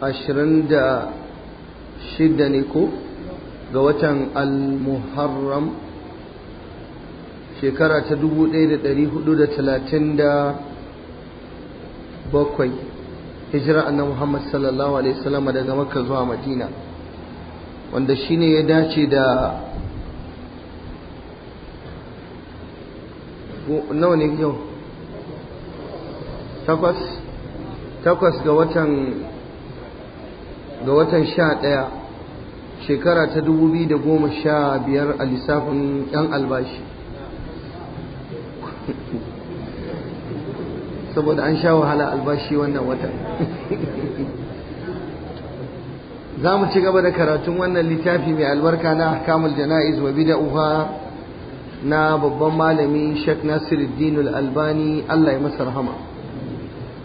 ashirin da shida ne ko ga watan al-muharram shekara ta dubu ɗaya da ɗari hudu da talatin da bakwai hijira na muhammad sallallahu alaihi wasallam daga makka zuwa madina wanda shine ya dace da nawa ne yau takwas takwas ga watan ga watan sha ɗaya shekara ta dubu biyu da goma sha biyar a lissafin yan albashi saboda an sha wahala albashi wannan watan za mu ci gaba da karatun wannan littafi mai albarka na kamul jana'iz wa uha na babban malami shek nasiru Al-Albani Allah ya masa rahama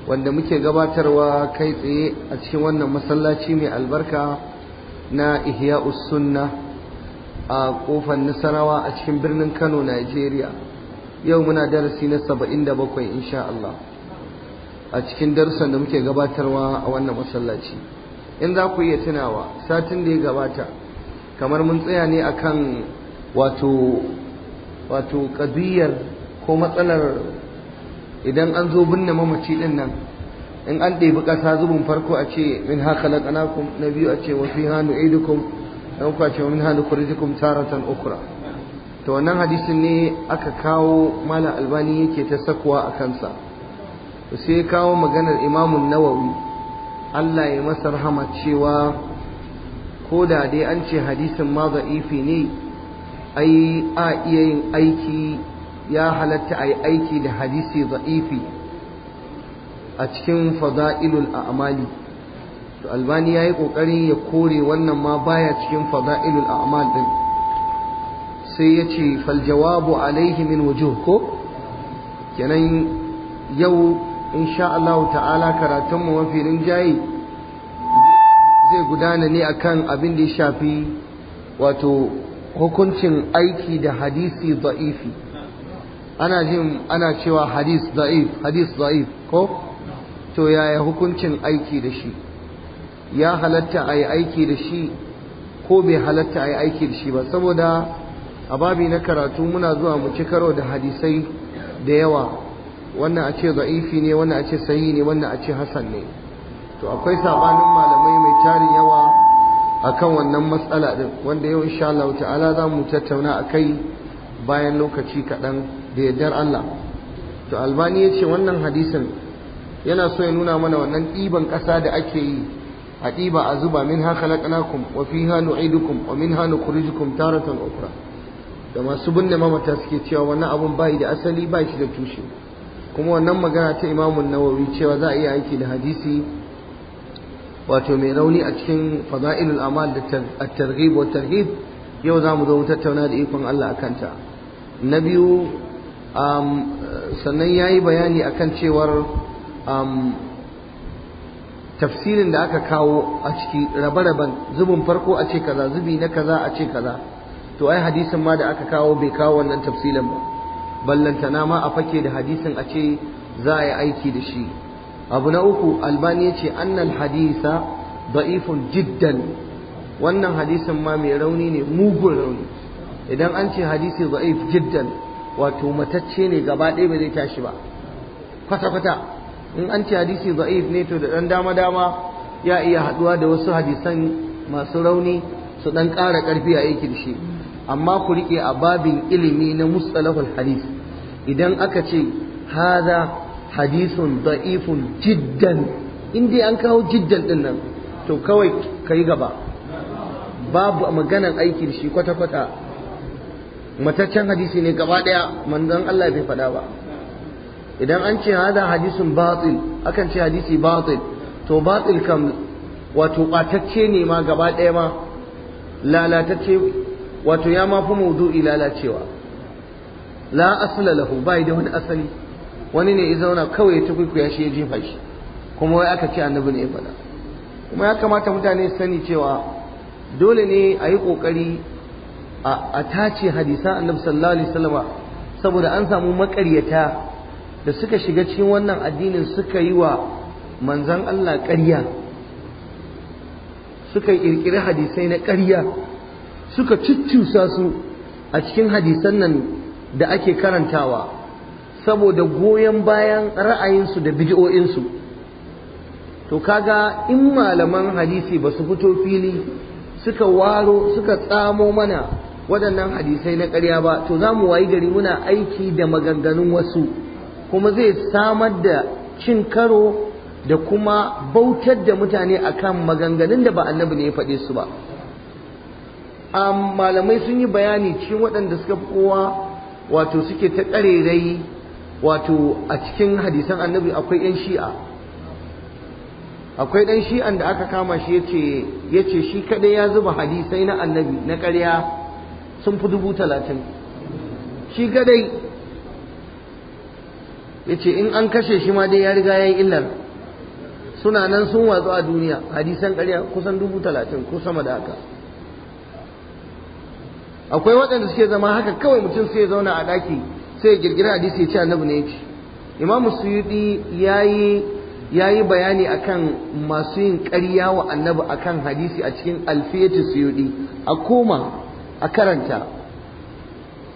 wanda muke gabatarwa kai tsaye a cikin wannan masallaci mai albarka na ihya sunna a kofar nasarawa a cikin birnin kano nigeria yau muna darasi na 77 insha Allah a cikin darussan da muke gabatarwa a wannan masallaci in za ku iya tunawa satin da ya gabata kamar mun tsaya ne akan wato wato ko matsalar idan an zo binne mamaci din nan in an ɗebi ƙasa zubin farko a ce min ha khalaqnakum na biyu a ce wa fiha nu'idukum na uku a ce min ha nukhrijukum taratan ukra to wannan hadisin ne aka kawo mala albani yake ta sakwa a kansa to sai kawo maganar imamun nawawi Allah ya masa rahama cewa ko da dai an ce hadisin ma ne ai a iya yin aiki ya halatta a yi aiki da hadisi za'ifi a cikin fada'ilul a'mali to albani ya yi ƙoƙarin ya kore wannan ma baya cikin fada'ilul a'mal din sai ya ce faljawabu alaihi min wujuh ko kenan yau insha Allah ta'ala karatunmu mafi rinjaye zai gudana ne akan abin da ya shafi wato hukuncin aiki da hadisi za'ifi ana jin ana cewa hadis da'if hadis da'if ko to yaya hukuncin aiki da shi ya halatta a yi aiki da shi ko bai halatta a yi aiki da shi ba saboda a babi na karatu muna zuwa mu ci karo da hadisai da yawa wannan a ce za'ifi ne wannan a ce sahi ne wannan a ce hasan ne to akwai sabanin malamai mai tarin yawa akan wannan matsala din wanda yau insha Allah ta'ala za mu tattauna a kai bayan lokaci kaɗan da yardar Allah to albani ya ce wannan hadisin yana so ya nuna mana wannan ɗiban ƙasa da ake yi a ɗiba a zuba min ha khalaqnakum wa fiha nu'idukum wa minha nukhrijukum taratan ukhra da masu binne mamata suke cewa wannan abun bai da asali bai shi da tushe kuma wannan magana ta Imam Nawawi cewa za a iya aiki da hadisi wato mai rauni a cikin fada'ilul amal da at-targhib wa targhib yau za mu zo mu tattauna da ikon Allah kanta na biyu Um, sannan ya yi bayani a kan cewar um, tafsirin da aka kawo a ciki rabe-raben zubin farko a ce kaza zubi na kaza a ce kaza to ai hadisin ma da aka kawo bai kawo wannan tafsilin ba ballantana ma a fake da hadisin a ce za a yi aiki da shi abu na uku albani ya ce annan hadisa da'ifun jiddan wannan hadisin ma mai rauni ne mugun rauni idan an ce hadisi da'if jiddan wato matacce ne gaba ɗaya ba zai tashi ba kwata-kwata in an ci hadisi za'if ne to da ɗan dama-dama ya iya haɗuwa da wasu hadisan masu rauni su ɗan ƙara ƙarfi a aikin shi amma ku riƙe a babin ilimi na mustalahul hadis idan aka ce haza hadisun za'ifun jiddan in dai an kawo jiddan ɗin nan to kawai ka yi gaba babu maganan aiki aikin shi kwata-kwata mataccen hadisi ne gaba daya manzon Allah bai faɗa ba idan an ce hada hadisin batil akan ce hadisi batil to batil kam wato ɓatacce ne ma gaba daya ma lalatacce wato ya ma fi maudu'i lalacewa la asla lahu bai da wani asali wani ne ya zauna kawai ta kwaikwaya shi ya jefa shi kuma wai aka ce annabi ne ya faɗa kuma ya kamata mutane su sani cewa dole ne a yi ƙoƙari a tace hadisan annabi sallallahu alaihi wasallama saboda an samu makaryata da suka shiga cikin wannan addinin suka yi wa manzon Allah ƙarya suka kirkiri hadisai na ƙarya suka cuccusa su a cikin hadisan nan da ake karantawa saboda goyon bayan ra'ayinsu da bid'o'insu to kaga in malaman hadisi ba su fito fili suka waro suka tsamo mana waɗannan hadisai na ƙarya ba to za mu wayi gari muna aiki da maganganun wasu kuma zai samar da cin karo da kuma bautar da mutane akan maganganun da ba annabi ne ya faɗe su ba malamai sun yi bayani cikin waɗanda suka fi kowa wato suke ta ƙarerai wato a cikin hadisan annabi akwai 'yan shi'a akwai ɗan shi'an da aka kama shi ya ce shi kaɗai ya zuba hadisai na annabi na ƙarya sun fi dubu talatin shi kadai ya ce in an kashe shi ma dai ya riga ya yi illar suna nan sun watsu a duniya hadisan karya kusan dubu talatin ko sama da haka akwai waɗanda suke zama haka kawai mutum sai zauna a ɗaki sai ya girgira hadisi ya ce annabi ne ya ce imamu suyuɗi ya yi ya yi bayani akan masu yin ƙarya wa annabi akan hadisi a cikin alfiyati suyudi a koma a karanta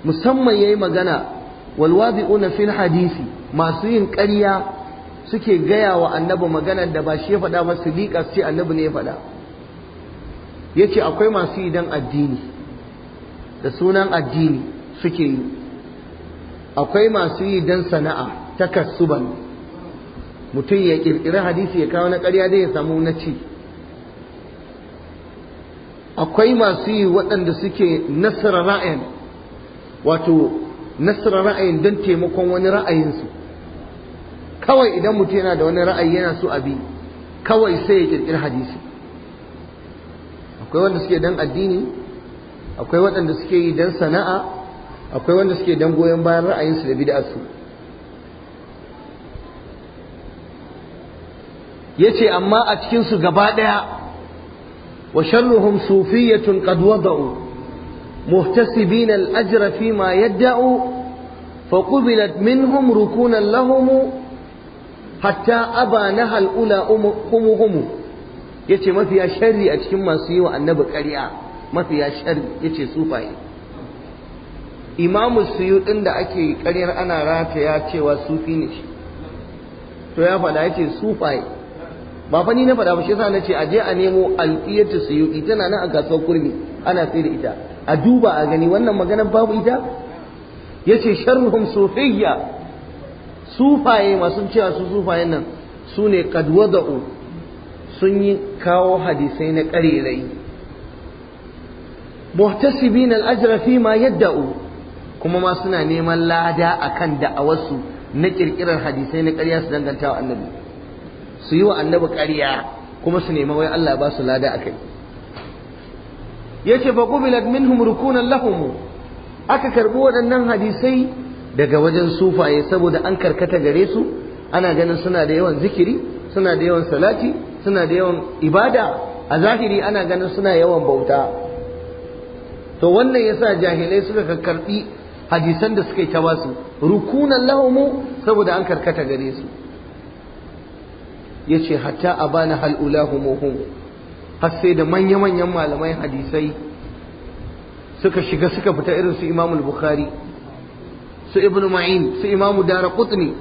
musamman ya yi magana una fil hadisi masu yin ƙarya suke gaya wa annabi magana da ba shi ya faɗa ba su liƙa ce annabi ne ya faɗa ce akwai masu idan addini da sunan addini suke yi akwai masu yi don sana'a takassuban mutum ya ƙirƙiri hadisi ya kawo na ƙarya dai ya samu na ci akwai masu yi waɗanda suke nasara ra'ayin wato nasara ra'ayin don taimakon wani ra'ayinsu kawai idan mutum yana da wani ra'ayi yana so abi kawai sai ya ƙirƙiri hadisi akwai wanda suke don addini akwai waɗanda suke yi don sana'a akwai wanda suke don goyon bayan ra'ayinsu da bid'arsu ya ce amma a cikinsu gaba ɗaya وشرهم صوفية قد وضعوا مهتسبين الأجر فيما يدعوا فقبلت منهم ركونا لهم حتى أبا نهى الأولى أمهم يتي ما فيها شر أتكم ما سيوى النبى كريعة ما فيها شر يتي صوفي إمام السيوط عند أكي كريعة أنا راتي ياتي تو يا فلا يتي صوفي ba fa na faɗa ba shi yasa na ce a je a nemo alqiyatu ita tana nan a kasuwar kurmi ana sai da ita a duba a gani wannan magana babu ita yace sharruhum sufiyya sufaye masu cewa su sufayen nan su ne sun yi kawo hadisai na ƙarerai muhtasibin al-ajra fi ma yadda'u kuma ma suna neman lada akan da'awarsu na kirkirar hadisai na ƙarya su dangantawa annabi su yi wa annabi ƙarya kuma su nemi wai Allah ba su lada kai yace fa qubilat minhum rukunan lahum aka karbi waɗannan hadisai daga wajen sufaye saboda an karkata gare su ana ganin suna da yawan zikiri suna da yawan salati suna da yawan ibada a zahiri ana ganin suna yawan bauta to wannan yasa jahilai suka karɓi hadisan da suka yi ta basu rukunan lahumu saboda an karkata gare su yace hatta a bani ulahu muhum har sai da manya-manyan malamai hadisai suka shiga suka fita irin su imamu Bukhari su Ibn Ma'in su dara kutni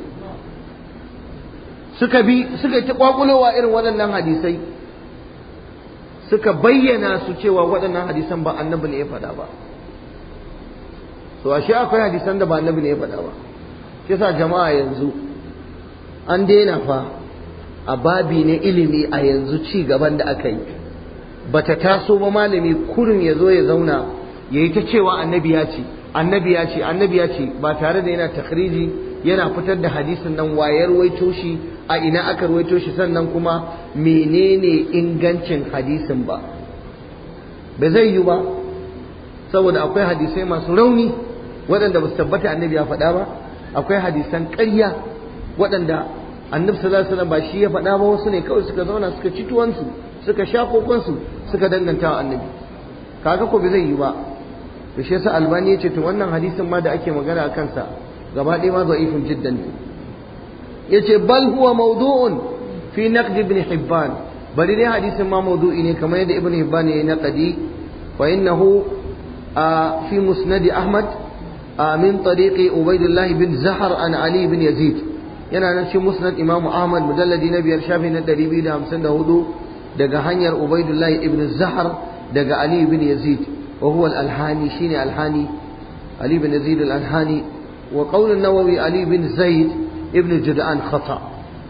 suka bi suka ta kwakulowa irin waɗannan hadisai suka bayyana su cewa waɗannan hadisan ba annabi ne ya faɗa ba so ashe akwai hadisan da ba annabi ne ya faɗa ba kisa jama'a yanzu an daina fa a babi ne ilimi a yanzu ci gaban da aka yi bata taso ba malami kurin ya zo ya zauna ya yi ta cewa annabi ya ce annabi ya ce annabi ya ce ba tare da yana takhriji yana fitar da hadisin nan wayar waito shi a ina aka waito shi sannan kuma menene ingancin hadisin ba ba zai yi ba saboda akwai hadisai masu rauni waɗanda ba su tabbata annabi ya faɗa ba akwai hadisan ƙarya waɗanda annabi sallallahu alaihi wasallam ba shi ya faɗa ba wasu ne kawai suka zauna suka ci tuwansu suka sha kokonsu suka danganta wa annabi kaga ko bai zai yi ba to shi yasa albani ya ce to wannan hadisin ma da ake magana a kansa gaba ɗaya ma da'ifun jiddan ne ce bal huwa mawdu'un fi naqdi ibn hibban bari dai hadisin ma mawdu'i ne kamar yadda ibn hibban ya naqadi fa innahu fi musnad ahmad min tariqi ubaidullah bin zahar an ali bin yazid yana nan cikin musnad imam ahmad mujalladi na biyar shafi na ɗari biyu da da hamsin hudu daga hanyar ubaidullah ibn zahar daga ali ibn yazid wa huwa al-alhani shine alhani ali ibn yazid al-alhani wa qawl an-nawawi ali ibn zaid ibn jud'an khata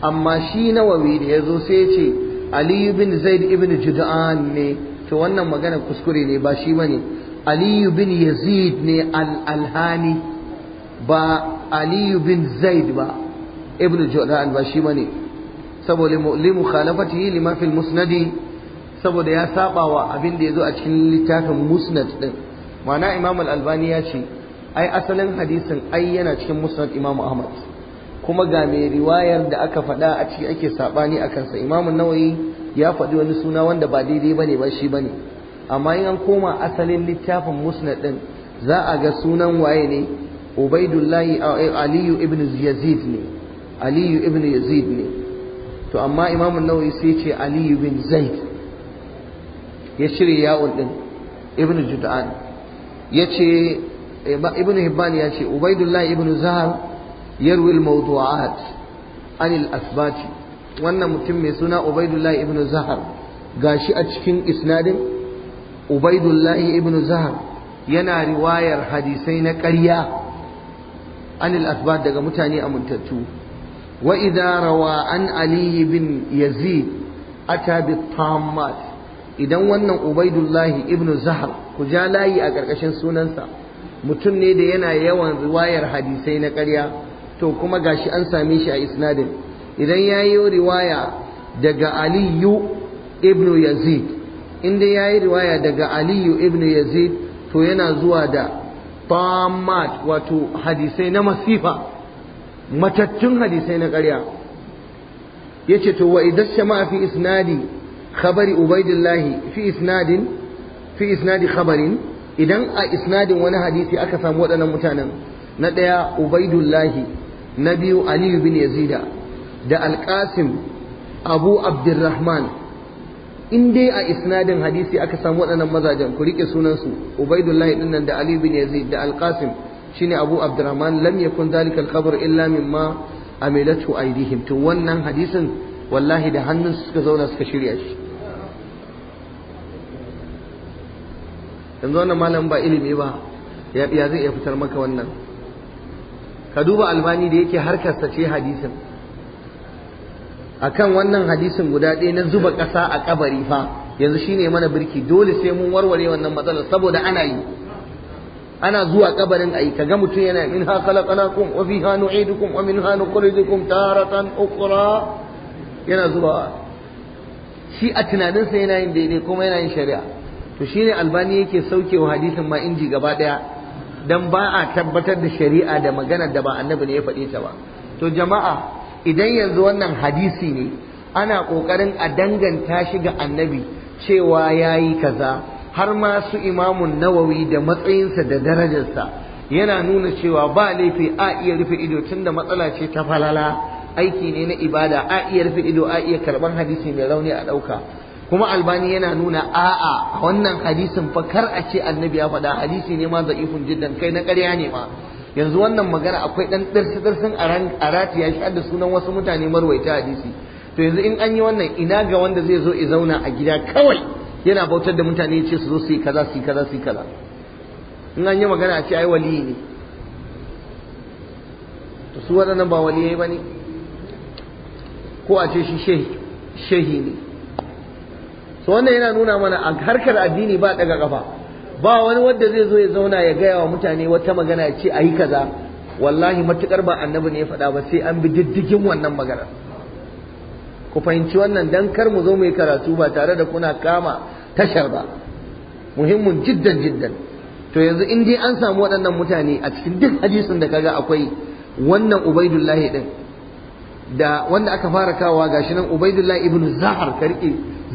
amma shi nawawi da yazo sai ce ali ibn zaid ibn jud'an ne to wannan magana kuskure ne ba shi bane ali ibn yazid ne al-alhani ba ali ibn zaid ba ibn jordan ba shi bane saboda li mukhalafatihi lima fil Musnad saboda ya saba wa abin da yazo a cikin littafin musnad din Mana imam al-albani ya ce ai asalin hadisin ai yana cikin musnad imam ahmad kuma ga mai riwayar da aka faɗa a ciki ake sabani a kansa imam nawawi ya faɗi wani suna wanda ba daidai bane ba shi bane amma in an koma asalin littafin musnad din za a ga sunan waye ne ubaidullahi aliyu ibn yazid ne aliyu ibn yazid ne to amma imamun nawawi sai ce aliyu bin zaid ya shirya yawon din ibn jud'an ya ce ibn hibban ya ce ubaidullah ibn zahar yarwi al-mawdu'at anil asbati wannan mutum mai suna ubaidullah ibn zahar gashi a cikin isnadin ubaidullah ibn zahar yana riwayar hadisai na ƙarya anil asbat daga mutane amintattu وإذا روى عن علي بن يزيد أتى بالطامات idan wannan ubaidullahi ibnu zahar ku ja layi a ƙarƙashin sunansa mutum ne da yana yawan riwayar hadisai na ƙarya to kuma gashi an same shi a isnadin idan ya yi riwaya daga aliyu ibnu yazid inda ya yi riwaya daga aliyu ibnu yazid to yana zuwa da tamat wato hadisai na masifa matattun hadisai na ƙarya ce to wa idan shama'a fi isnadi khabari ubaidillahi fi isnadin fi isnadi khabarin idan a isnadin wani hadisi aka samu waɗannan mutanen na ɗaya ubaidullahi na biyu aliyu bin yazida da alƙasim abu abdurrahman in dai a isnadin hadisi aka samu waɗannan mazajen ku riƙe sunansu ubaidullahi ɗinnan da aliyu bin yazid da alƙasim shine Abu Abdurrahman lam yakun zalika al-qabr illa mimma amilatu aydihim to wannan hadisin wallahi da hannun suka zauna suka shirya shi yanzu wannan malam ba ilimi ba ya zai iya fitar maka wannan ka duba albani da yake harkarsa ce hadisin akan wannan hadisin guda ɗaya na zuba ƙasa a kabari fa yanzu shine mana birki dole sai mun warware wannan matsalar saboda ana yi ana zuwa kabarin ayi kaga mutum yana min ha khalaqnakum wa fiha nu'idukum wa minha nukhrijukum taratan ukhra yana zuwa shi a tunaninsa yana yin daidai kuma yana yin shari'a to shine albani yake saukewa hadisin ma inji gaba daya dan ba a tabbatar da shari'a da maganar da ba annabi ne ya faɗe ta ba to jama'a idan yanzu wannan hadisi ne ana ƙoƙarin a danganta shi ga annabi cewa yayi kaza har ma su imamun nawawi da matsayinsa da darajarsa yana nuna cewa ba laifi a iya rufe ido tun da matsala ce ta falala aiki ne na ibada a iya rufe ido a iya karban hadisi mai rauni a ɗauka kuma albani yana nuna a'a a wannan hadisin fa kar a ce annabi ya faɗa hadisi ne ma za'ifun jiddan kai na ƙarya ne ma yanzu wannan magana akwai ɗan ɗarsi ɗarsin a rati ya da sunan wasu mutane marwaita hadisi to yanzu in an yi wannan ina ga wanda zai zo ya zauna a gida kawai yana bautar da mutane ce su zo su yi kaza su yi kaza su yi kaza in an yi magana a ce ai wali ne to su waɗannan ba wali ba ne ko a ce shi shehi ne so wannan yana nuna mana a harkar addini ba daga kafa ba wani wanda zai zo ya zauna ya gaya wa mutane wata magana ya ce a yi kaza wallahi matukar ba annabi ne ya faɗa ba sai an bi diddigin wannan maganar ku fahimci wannan dan kar mu zo mu yi karatu ba tare da kuna kama tashar ba muhimmin jiddan jiddan to yanzu in dai an samu waɗannan mutane a cikin duk hadisin da kaga akwai wannan ubaidullahi din da wanda aka fara kawowa gashi nan ubaidullahi ibn zahar karki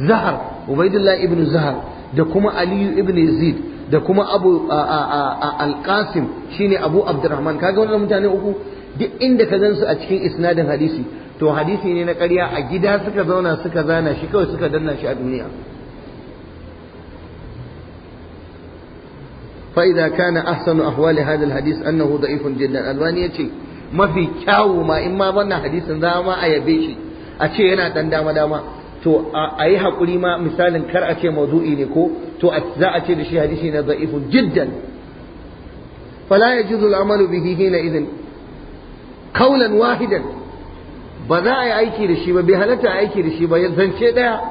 zahar ubaidullahi ibn zahar da kuma aliyu ibn Zid, da kuma abu al alqasim shine abu abdurrahman kaga wannan mutane uku duk inda ka gansu a cikin isnadin hadisi to hadisi ne na ƙarya a gida suka zauna suka zana shi kawai suka danna shi a duniya فإذا كان أحسن أحوال هذا الحديث أنه ضعيف جدا ألواني ma ما في كاو ما إما a yabe shi a ce yana dan dama dama to a yi haƙuri ma misalin kar a ce maudu'i ne ko to za a ce da shi hadisi na da'ifun jiddan fala ya juzu al'amalu bihi hina idin kaulan wahidan ba za a yi aiki da shi ba bai halatta a aiki da shi ba zance ɗaya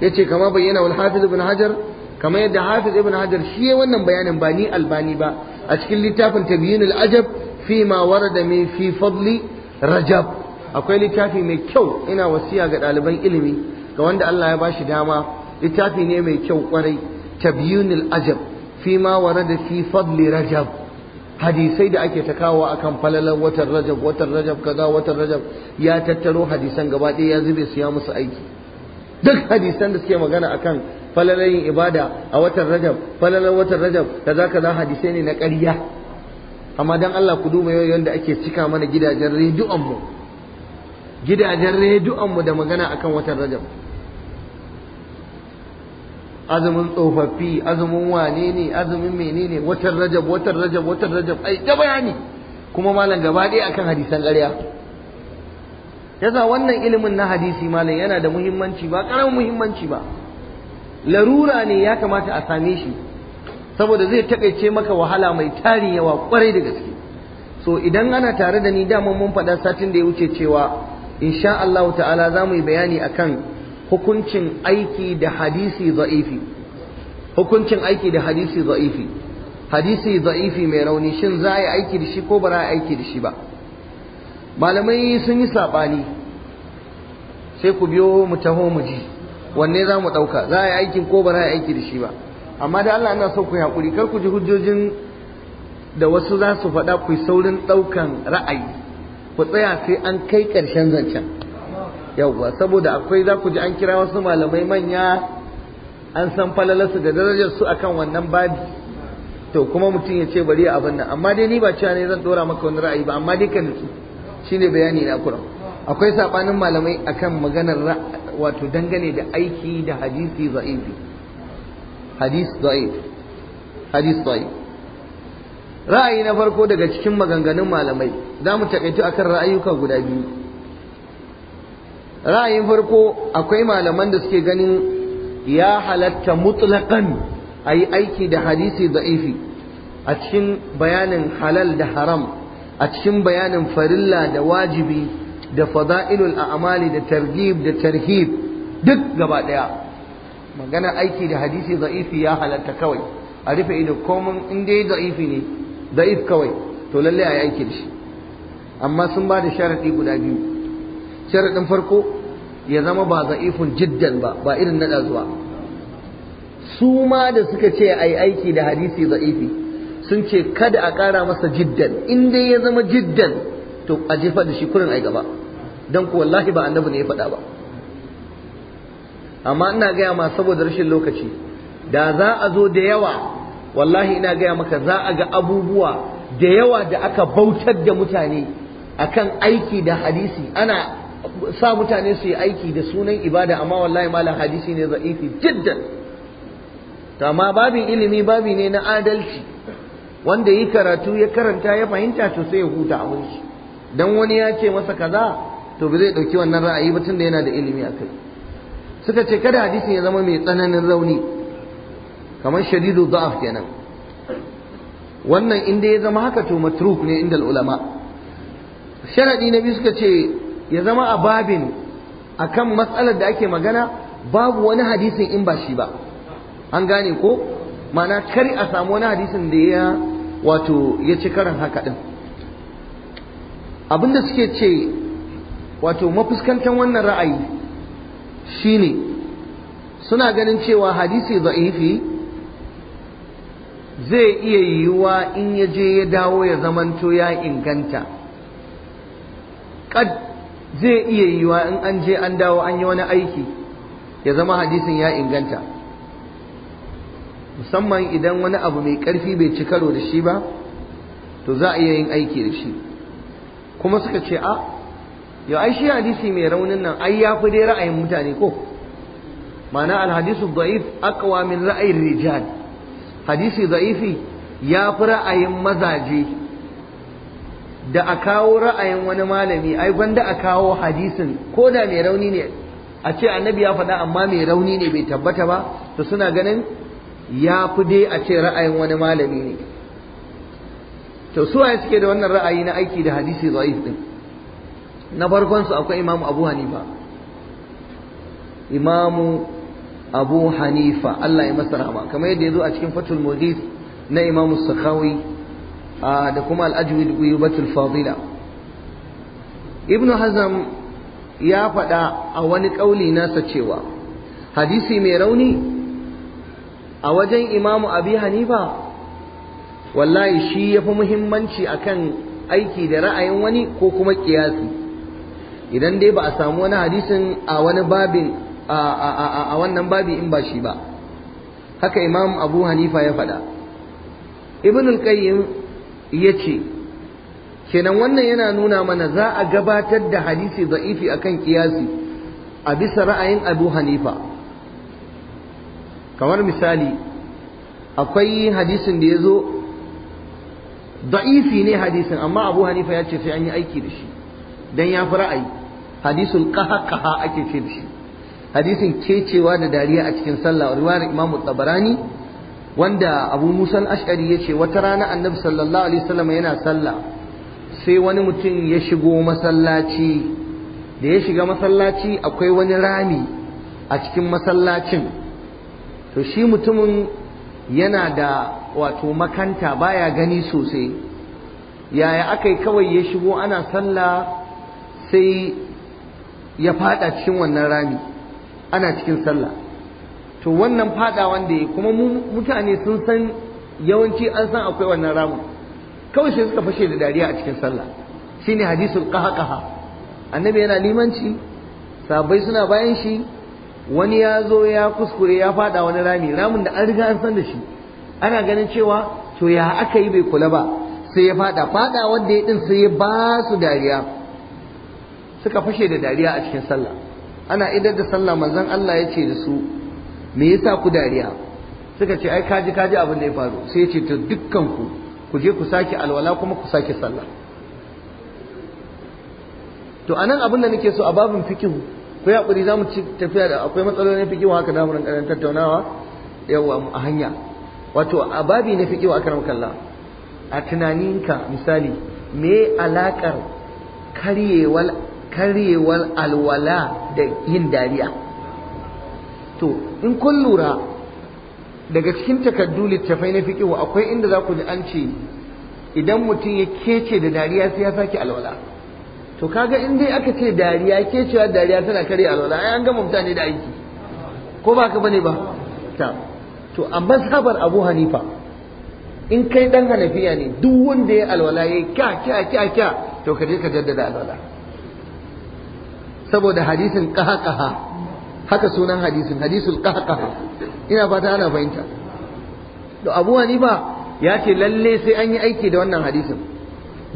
ya ce kama bayyana wal hafiz ibn hajar kama yadda hafiz ibn hajar shi ya wannan bayanin ba ni albani ba a cikin littafin tabiyin al'ajab fi ma warada min fi fadli rajab akwai littafi mai kyau ina wasiya ga ɗaliban ilimi ga wanda Allah ya bashi dama littafi ne mai kyau kwarai tabiyin al'ajab fi ma warada fi fadli rajab hadisai da ake ta kawo kan falalar watan rajab watan rajab kaza watan rajab ya tattaro hadisan gaba ɗaya ya zube su ya musu aiki duk hadisan da suke magana akan falalar yin ibada a watan rajab falalar watan rajab kaza za hadisai ne na ƙarya amma dan Allah ku duba yau yadda ake cika mana gidajen rediyon mu gidajen rediyon mu da magana akan watan rajab azumin tsofaffi azumin wane ne azumin menene watan rajab watan rajab watan rajab ai ta bayani kuma malam gaba ɗaya akan hadisan ƙarya yasa wannan ilimin na hadisi malam yana da muhimmanci ba ƙaramin muhimmanci ba larura ne ya kamata a same shi saboda zai takaice maka wahala mai tari yawa kwarai da gaske so idan ana tare da ni dama mun faɗa satin da ya wuce cewa insha Allah ta'ala za mu yi bayani akan hukuncin aiki da hadisi za'ifi hukuncin aiki da hadisi za'ifi hadisi za'ifi mai rauni shin za a yi aiki da shi ko ba za a yi aiki da shi ba malamai sun yi saɓani sai ku biyo mu taho mu ji wanne za mu ɗauka za a yi aikin ko ba za a yi aiki da shi ba amma da Allah ana so ku yi haƙuri kar ku ji hujjojin da wasu za su faɗa ku saurin ɗaukan ra'ayi ku tsaya sai an kai ƙarshen zancen yauwa saboda akwai za ku ji an kira wasu malamai manya an san falalarsu da darajar su akan wannan babi to kuma mutum ya ce bari abin nan amma dai ni ba cewa ne zan dora maka wani ra'ayi ba amma dai ka nutsu shine bayani na kuran akwai sabanin malamai akan maganar wato dangane da aiki da hadisi za'ifi hadis za'if hadis za'if ra'ayi na farko daga cikin maganganun malamai za mu akan ra'ayuka guda biyu ra'ayin farko akwai malaman da suke ganin ya halatta mutlaqan a aiki da hadisi da'ifi a cikin bayanin halal da haram a cikin bayanin farilla da wajibi da fada'ilul a'mali da targhib da tarhib duk gaba daya magana aiki da hadisi da'ifi ya halatta kawai a rufe ido komai in dai da'ifi ne da'if kawai to lallai a yi aiki da shi amma sun ba da sharaɗi guda biyu sharaɗin farko ya zama ba za'ifun jiddan ba ba irin na zuwa su ma da suka ce a yi aiki da hadisi za'ifi sun ce kada a ƙara masa jiddan in dai ya zama jiddan to a jefa da shi kurin ai gaba don ku wallahi ba annabi ne ya faɗa ba amma ina gaya ma saboda rashin lokaci da za a zo da yawa wallahi ina gaya maka za a ga abubuwa da yawa da aka bautar da mutane akan aiki da hadisi ana sa mutane su yi aiki da sunan ibada amma wallahi malam hadisi ne za'ifi jiddan to amma babin ilimi babi ne na adalci wanda yi karatu ya karanta ya fahimta to sai ya huta abin shi dan wani ya ce masa kaza to ba zai dauki wannan ra'ayi ba da yana da ilimi kai suka ce kada hadisin ya zama mai tsananin rauni kamar shadidu da'af kenan wannan inda ya zama haka to matruk ne inda ulama sharadi na biyu suka ce ya zama a babin a kan matsalar da ake magana babu wani hadisin in ba shi ba an gane ko mana kar a samu wani hadisin da ya wato ya ci karin haka din abinda suke ce wato mafuskantan wannan ra'ayi shine suna ganin cewa hadisi za'ifi zai iya yiwuwa in ya je ya dawo ya zamanto ya inganta zai iya yiwa in an je an dawo an yi wani aiki ya zama hadisin ya inganta musamman idan wani abu mai karfi bai ci karo da shi ba to za a iya yin aiki da shi kuma suka ce a yau ai shi hadisi mai raunin nan ai ya fi dai ra'ayin mutane ko ma'ana alhadisu da'if aqwa min ra'ayin rijal hadisi da'ifi ya fi ra'ayin mazaje da a kawo ra'ayin wani malami ai gwanda a kawo hadisin ko da mai rauni ne a ce annabi ya faɗa amma mai rauni ne bai tabbata ba to suna ganin ya fi dai a ce ra'ayin wani malami ne to su waye suke da wannan ra'ayi na aiki da hadisi da'if din na farkon su akwai imamu abu hanifa imamu abu hanifa Allah ya masa rahama kamar yadda ya zo a cikin fatul mughis na imamu sakhawi da kuma al-ajwid fadila ibnu hazam ya faɗa a wani ƙauli nasa cewa hadisi mai rauni a wajen imamu abi hanifa wallahi shi ya fi muhimmanci akan aiki da ra'ayin wani ko kuma ƙiyasi idan dai ba a samu wani hadisin a wani babin a wannan babi in ba shi ba haka imam abu hanifa ya faɗa ibn al-qayyim ya ce kenan wannan yana nuna mana za a gabatar da hadisi a akan kiyasi a bisa ra'ayin abu hanifa kamar misali akwai hadisin da ya zo da'ifi ne hadisin amma abu hanifa ya ce sai an yi aiki da shi don ya fi ra'ayi hadisul kaha ake ce da shi hadisin kecewa da dariya a cikin sallah riwayar imamu tabarani wanda abu musan ash'ari ya ce wata rana annabi sallallahu alaihi wasallam yana sallah sai wani mutum ya shigo masallaci da ya shiga masallaci akwai wani rami a cikin masallacin to shi mutumin yana da wato makanta baya gani sosai yaya aka yi kawai ya shigo ana sallah sai ya fada cikin wannan rami ana cikin sallah to wannan fadawan da ya kuma mutane sun san yawanci an san akwai wannan ramin kawai sai suka fashe da dariya a cikin sallah shine hadisul qahqaha annabi yana limanci sabai suna bayan shi wani ya zo ya kuskure ya fada wani rami ramin da an riga an san da shi ana ganin cewa to ya aka yi bai kula ba sai ya fada fada wanda ya din sai ya ba su dariya suka fashe da dariya a cikin sallah ana idar da sallah manzon Allah ya ce da su me yasa ku dariya suka ce ai kaji kaji abin da ya faru sai ya ce to dukkan ku ku je ku sake alwala kuma ku sake sallah to anan abin da nake so a babin fikihu ko hakuri zamu ci tafiya da akwai matsalolin fikihu haka da mun karanta tattaunawa yawa a hanya wato a babi na fikihu akram kalla, a tunaninka misali me alakar karyewal karyewal alwala da yin dariya to in kun lura daga cikin takardu littafai na fiƙiwa akwai inda za ku ji an ce idan mutum ya kece da dariya sai ya sake alwala to kaga in dai aka ce dariya kecewa dariya tana karya alwala ai an gama mutane da aiki ko ba ka bane ba ta to a mazhabar Abu Hanifa in kai dan Hanafiya ne duk wanda ya alwala ya kya kya kya kya to ka je ka jaddada alwala saboda hadisin qaha qaha haka sunan hadisin hadisul qahqah ina fata ana fahimta to Abu Hanifa ya ce lalle sai an yi aiki da wannan hadisin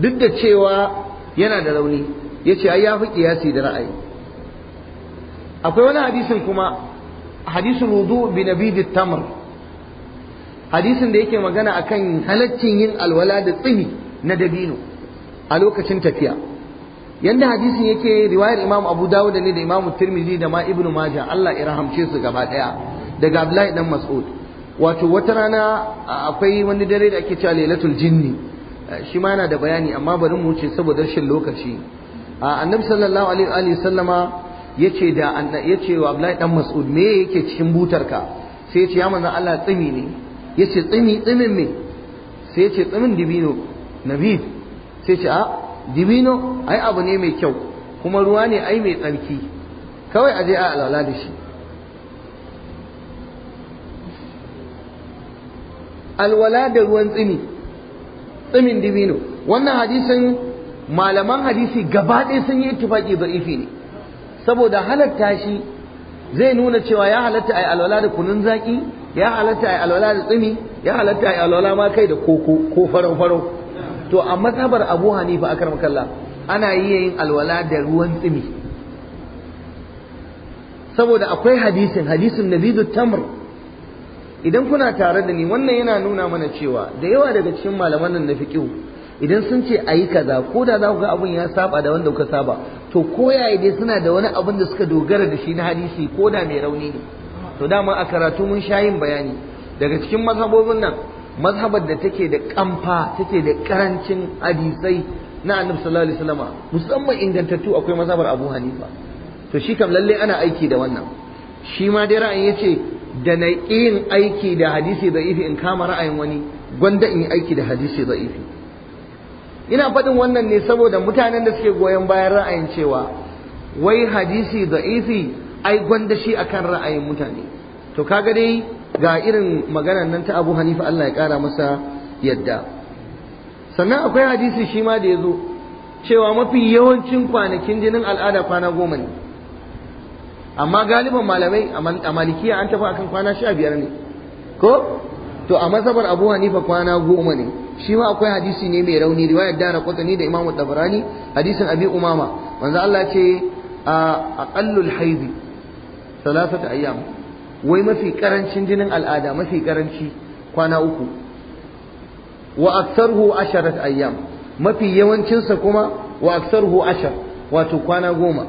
duk da cewa yana da rauni ya ce ai ya fi kiyasi da ra'ayi akwai wani hadisin kuma hadisul wudu bi tamr hadisin da yake magana akan halaccin yin alwala da tsini na dabino a lokacin tafiya yanda hadisin yake riwayar Imam Abu Dawud ne da Imam Tirmidhi da ma Ibn maja Allah ya rahamce su gaba daya daga Abdullahi dan Mas'ud wato wata rana akwai wani dare da ake cewa Lailatul Jinni shi ma yana da bayani amma bari mu wuce saboda rashin lokaci Annabi sallallahu alaihi wa sallama yace da yace wa Abdullahi dan Mas'ud me yake cikin butarka sai yace ya manzo Allah tsimi ne yace tsimi tsimin me sai yace tsimin dibino nabi sai yace a ah, dibino ai abu ne mai kyau kuma ruwa ne ai mai tsarki kawai a je a alala da shi alwala da ruwan tsini tsimin dibino wannan hadisin malaman hadisi gaba ɗaya sun yi ittifaqi da'ifi ne saboda halatta shi zai nuna cewa ya halatta yi alwala da kunun zaƙi ya halatta yi alwala da tsimi, ya halatta yi alwala ma kai da koko ko farau farau to a mazhabar abu hanifa akar kalla ana iya yin alwala da ruwan tsimi saboda akwai hadisin hadisin nabidu tamr idan kuna tare da ni wannan yana nuna mana cewa da yawa daga cikin malaman nan na fiqh idan sun ce ayi kaza ko da za ku ga abin ya saba da wanda kuka saba to koyaye dai suna da wani abun da suka dogara da shi na hadisi ko da mai rauni ne to dama a karatu mun sha yin bayani daga cikin mazhabobin nan mazhabar da take da kamfa take da karancin hadisai na annabi sallallahu alaihi wasallam musamman ingantattu akwai mazhabar Abu Hanifa to shi kam lalle ana aiki da wannan shi ma dai ra'ayin yace da na yin aiki da hadisi da'ifi in kama ra'ayin wani gwanda in yi aiki da hadisi da'ifi ina faɗin wannan ne saboda mutanen da suke goyon bayan ra'ayin cewa wai hadisi da'ifi ai gwanda shi akan ra'ayin mutane to kaga dai ga irin maganar nan ta Abu Hanifa Allah ya kara masa yadda sannan akwai hadisi shi ma da ya zo cewa mafi yawancin kwanakin jinin al'ada kwana goma ne amma galiban malamai a malikiya an tafi akan kwana sha biyar ne ko to a masabar abu hanifa kwana goma ne shi ma akwai hadisi ne mai rauni riwayar dara kwatani da imamu tabarani hadisin abi umama manzo Allah ce a aqallul haidi salasata ayyam wai mafi karancin jinin al'ada mafi karanci kwana uku wa aktsarhu asharat ayyam mafi yawancinsa kuma wa aktsarhu ashar wato kwana goma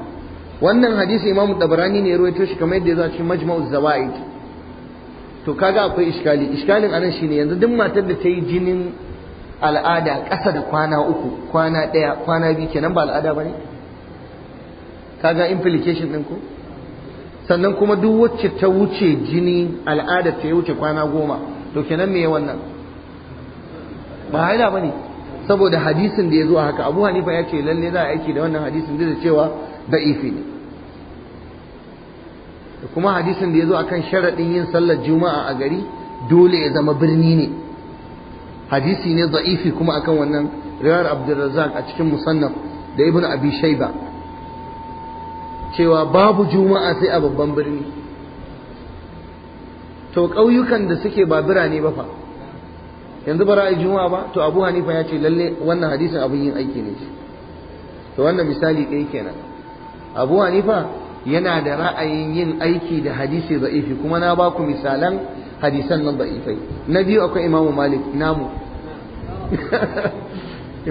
wannan hadisi imamu Dabrani ne ya shi kamar yadda ya zaci a majma'u zawaid to kaga akwai iskali iskalin anan shine yanzu duk matar da ta yi jinin al'ada ƙasa da kwana uku kwana ɗaya kwana biyu kenan ba al'ada bane kaga implication ɗin ko sannan kuma duk wacce ta wuce jini al'ada ta wuce kwana goma to kenan me wannan ba haila bane saboda hadisin da ya zo haka Abu Hanifa ya ce lalle za a aiki da wannan hadisin da cewa ifi ne kuma hadisin da ya zo akan sharaɗin yin sallar juma'a a gari dole ya zama birni ne hadisi ne za'ifi kuma akan wannan riwayar Abdulrazzaq a cikin musannaf da ibnu Abi Shayba cewa babu juma'a sai a babban birni to ƙauyukan da suke ba birane ba fa yanzu ba ra'ayi juma'a ba to abu hanifa ya ce lalle wannan hadisin abin yin aiki ne to wannan misali ɗaya kenan abu hanifa yana da ra'ayin yin aiki da hadisi za'ifi kuma na baku misalan hadisan nan za'ifai na biyu akwai imamu malik namu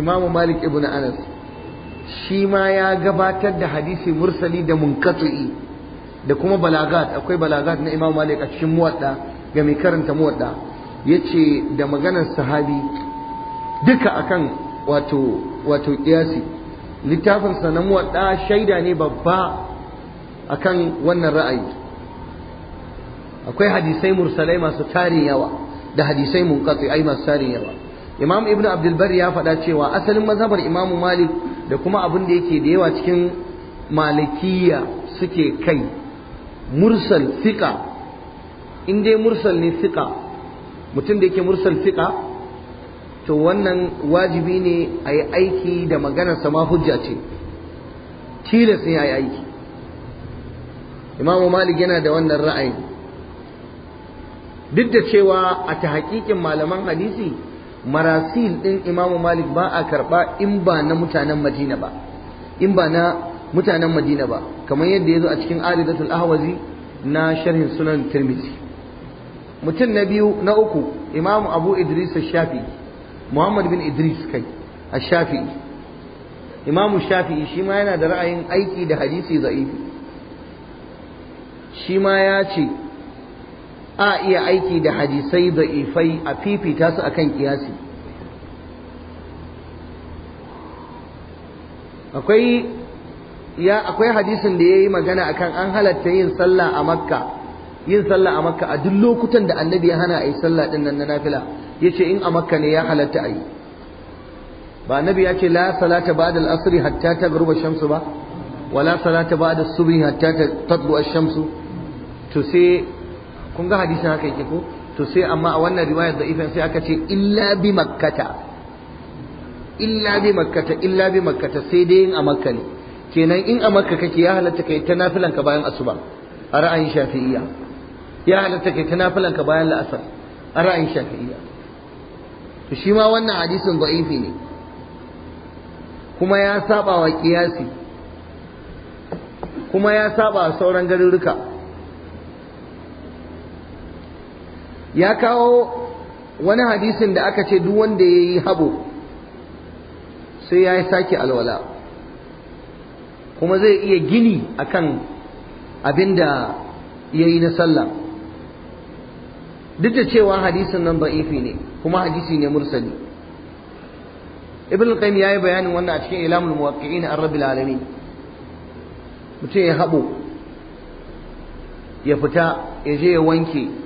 imamu malik ibnu anas shi ma ya gabatar da hadisi mursali da munkatu'i da kuma balagat akwai balagat na imam malik a cikin muwadda ga mai karanta muwadda yace da maganar sahabi duka akan wato wato kiyasi littafin sa na muwadda shaida ne babba akan wannan ra'ayi akwai hadisai mursalai masu tarin yawa da hadisai munkatu'i, ai masu tarin yawa imam ibnu Abdulbar ya faɗa cewa asalin mazhabar imam malik da kuma abin da yake da yawa cikin malikiya suke kai mursal fiqa in dai mursal ne fiqa mutum da yake mursal fiqa to wannan wajibi ne a yi aiki da maganarsa ma hujja ce tilas ne a yi aiki imamu malik yana da wannan ra'ayin duk da cewa a ta hakikin malaman hadisi marasil ɗin imamu malik ba a karba in ba na mutanen madina ba in ba na mutanen madina ba kamar yadda ya zo a cikin adidatul ahwazi na sharhin sunan tirmidhi mutum na biyu na uku imamu abu idris shafi muhammad bin idris kai a shafi imamu shafi shi ma yana da ra'ayin aiki da hadisi za'ifi shi ma ya ce a iya aiki da hadisai da ifai a fifita su akan kiyasi akwai ya akwai hadisin da yayi magana akan an halatta yin sallah a makka yin sallah a makka a duk lokutan da annabi ya hana a yi sallah din nan na nafila yace in a makka ne ya halatta a yi ba annabi ya ce la salata ba'da al-asr hatta tagruba shamsu ba wala salata ba'da as-subhi hatta tatlu ash-shamsu to sai kun ga hadisin haka yake ko to sai amma a wannan riwayar da ifan sai aka ce illa bi makkata illa bi makkata illa bi makkata sai dai in a makka ne kenan in a makka kake ya halatta kai ta nafilan ka bayan asuba a ra'ayin shafi'iyya ya halatta kai ta nafilan ka bayan la'asar a ra'ayin shafi'iyya to shi ma wannan hadisin da'ifi ne kuma ya saba wa kiyasi kuma ya saba sauran garuruka ya kawo wani hadisin da aka ce duk wanda ya yi habo sai ya yi sake alwala kuma zai iya gini akan abin da ya yi na sallah duk da cewa hadisin nan ba'ifi ne kuma hadisi ne mursali ibn al-qayyim yayi bayanin wannan a cikin ilamul muwaqqi'in an rabbil alamin mutum ya habo ya fita ya je ya wanke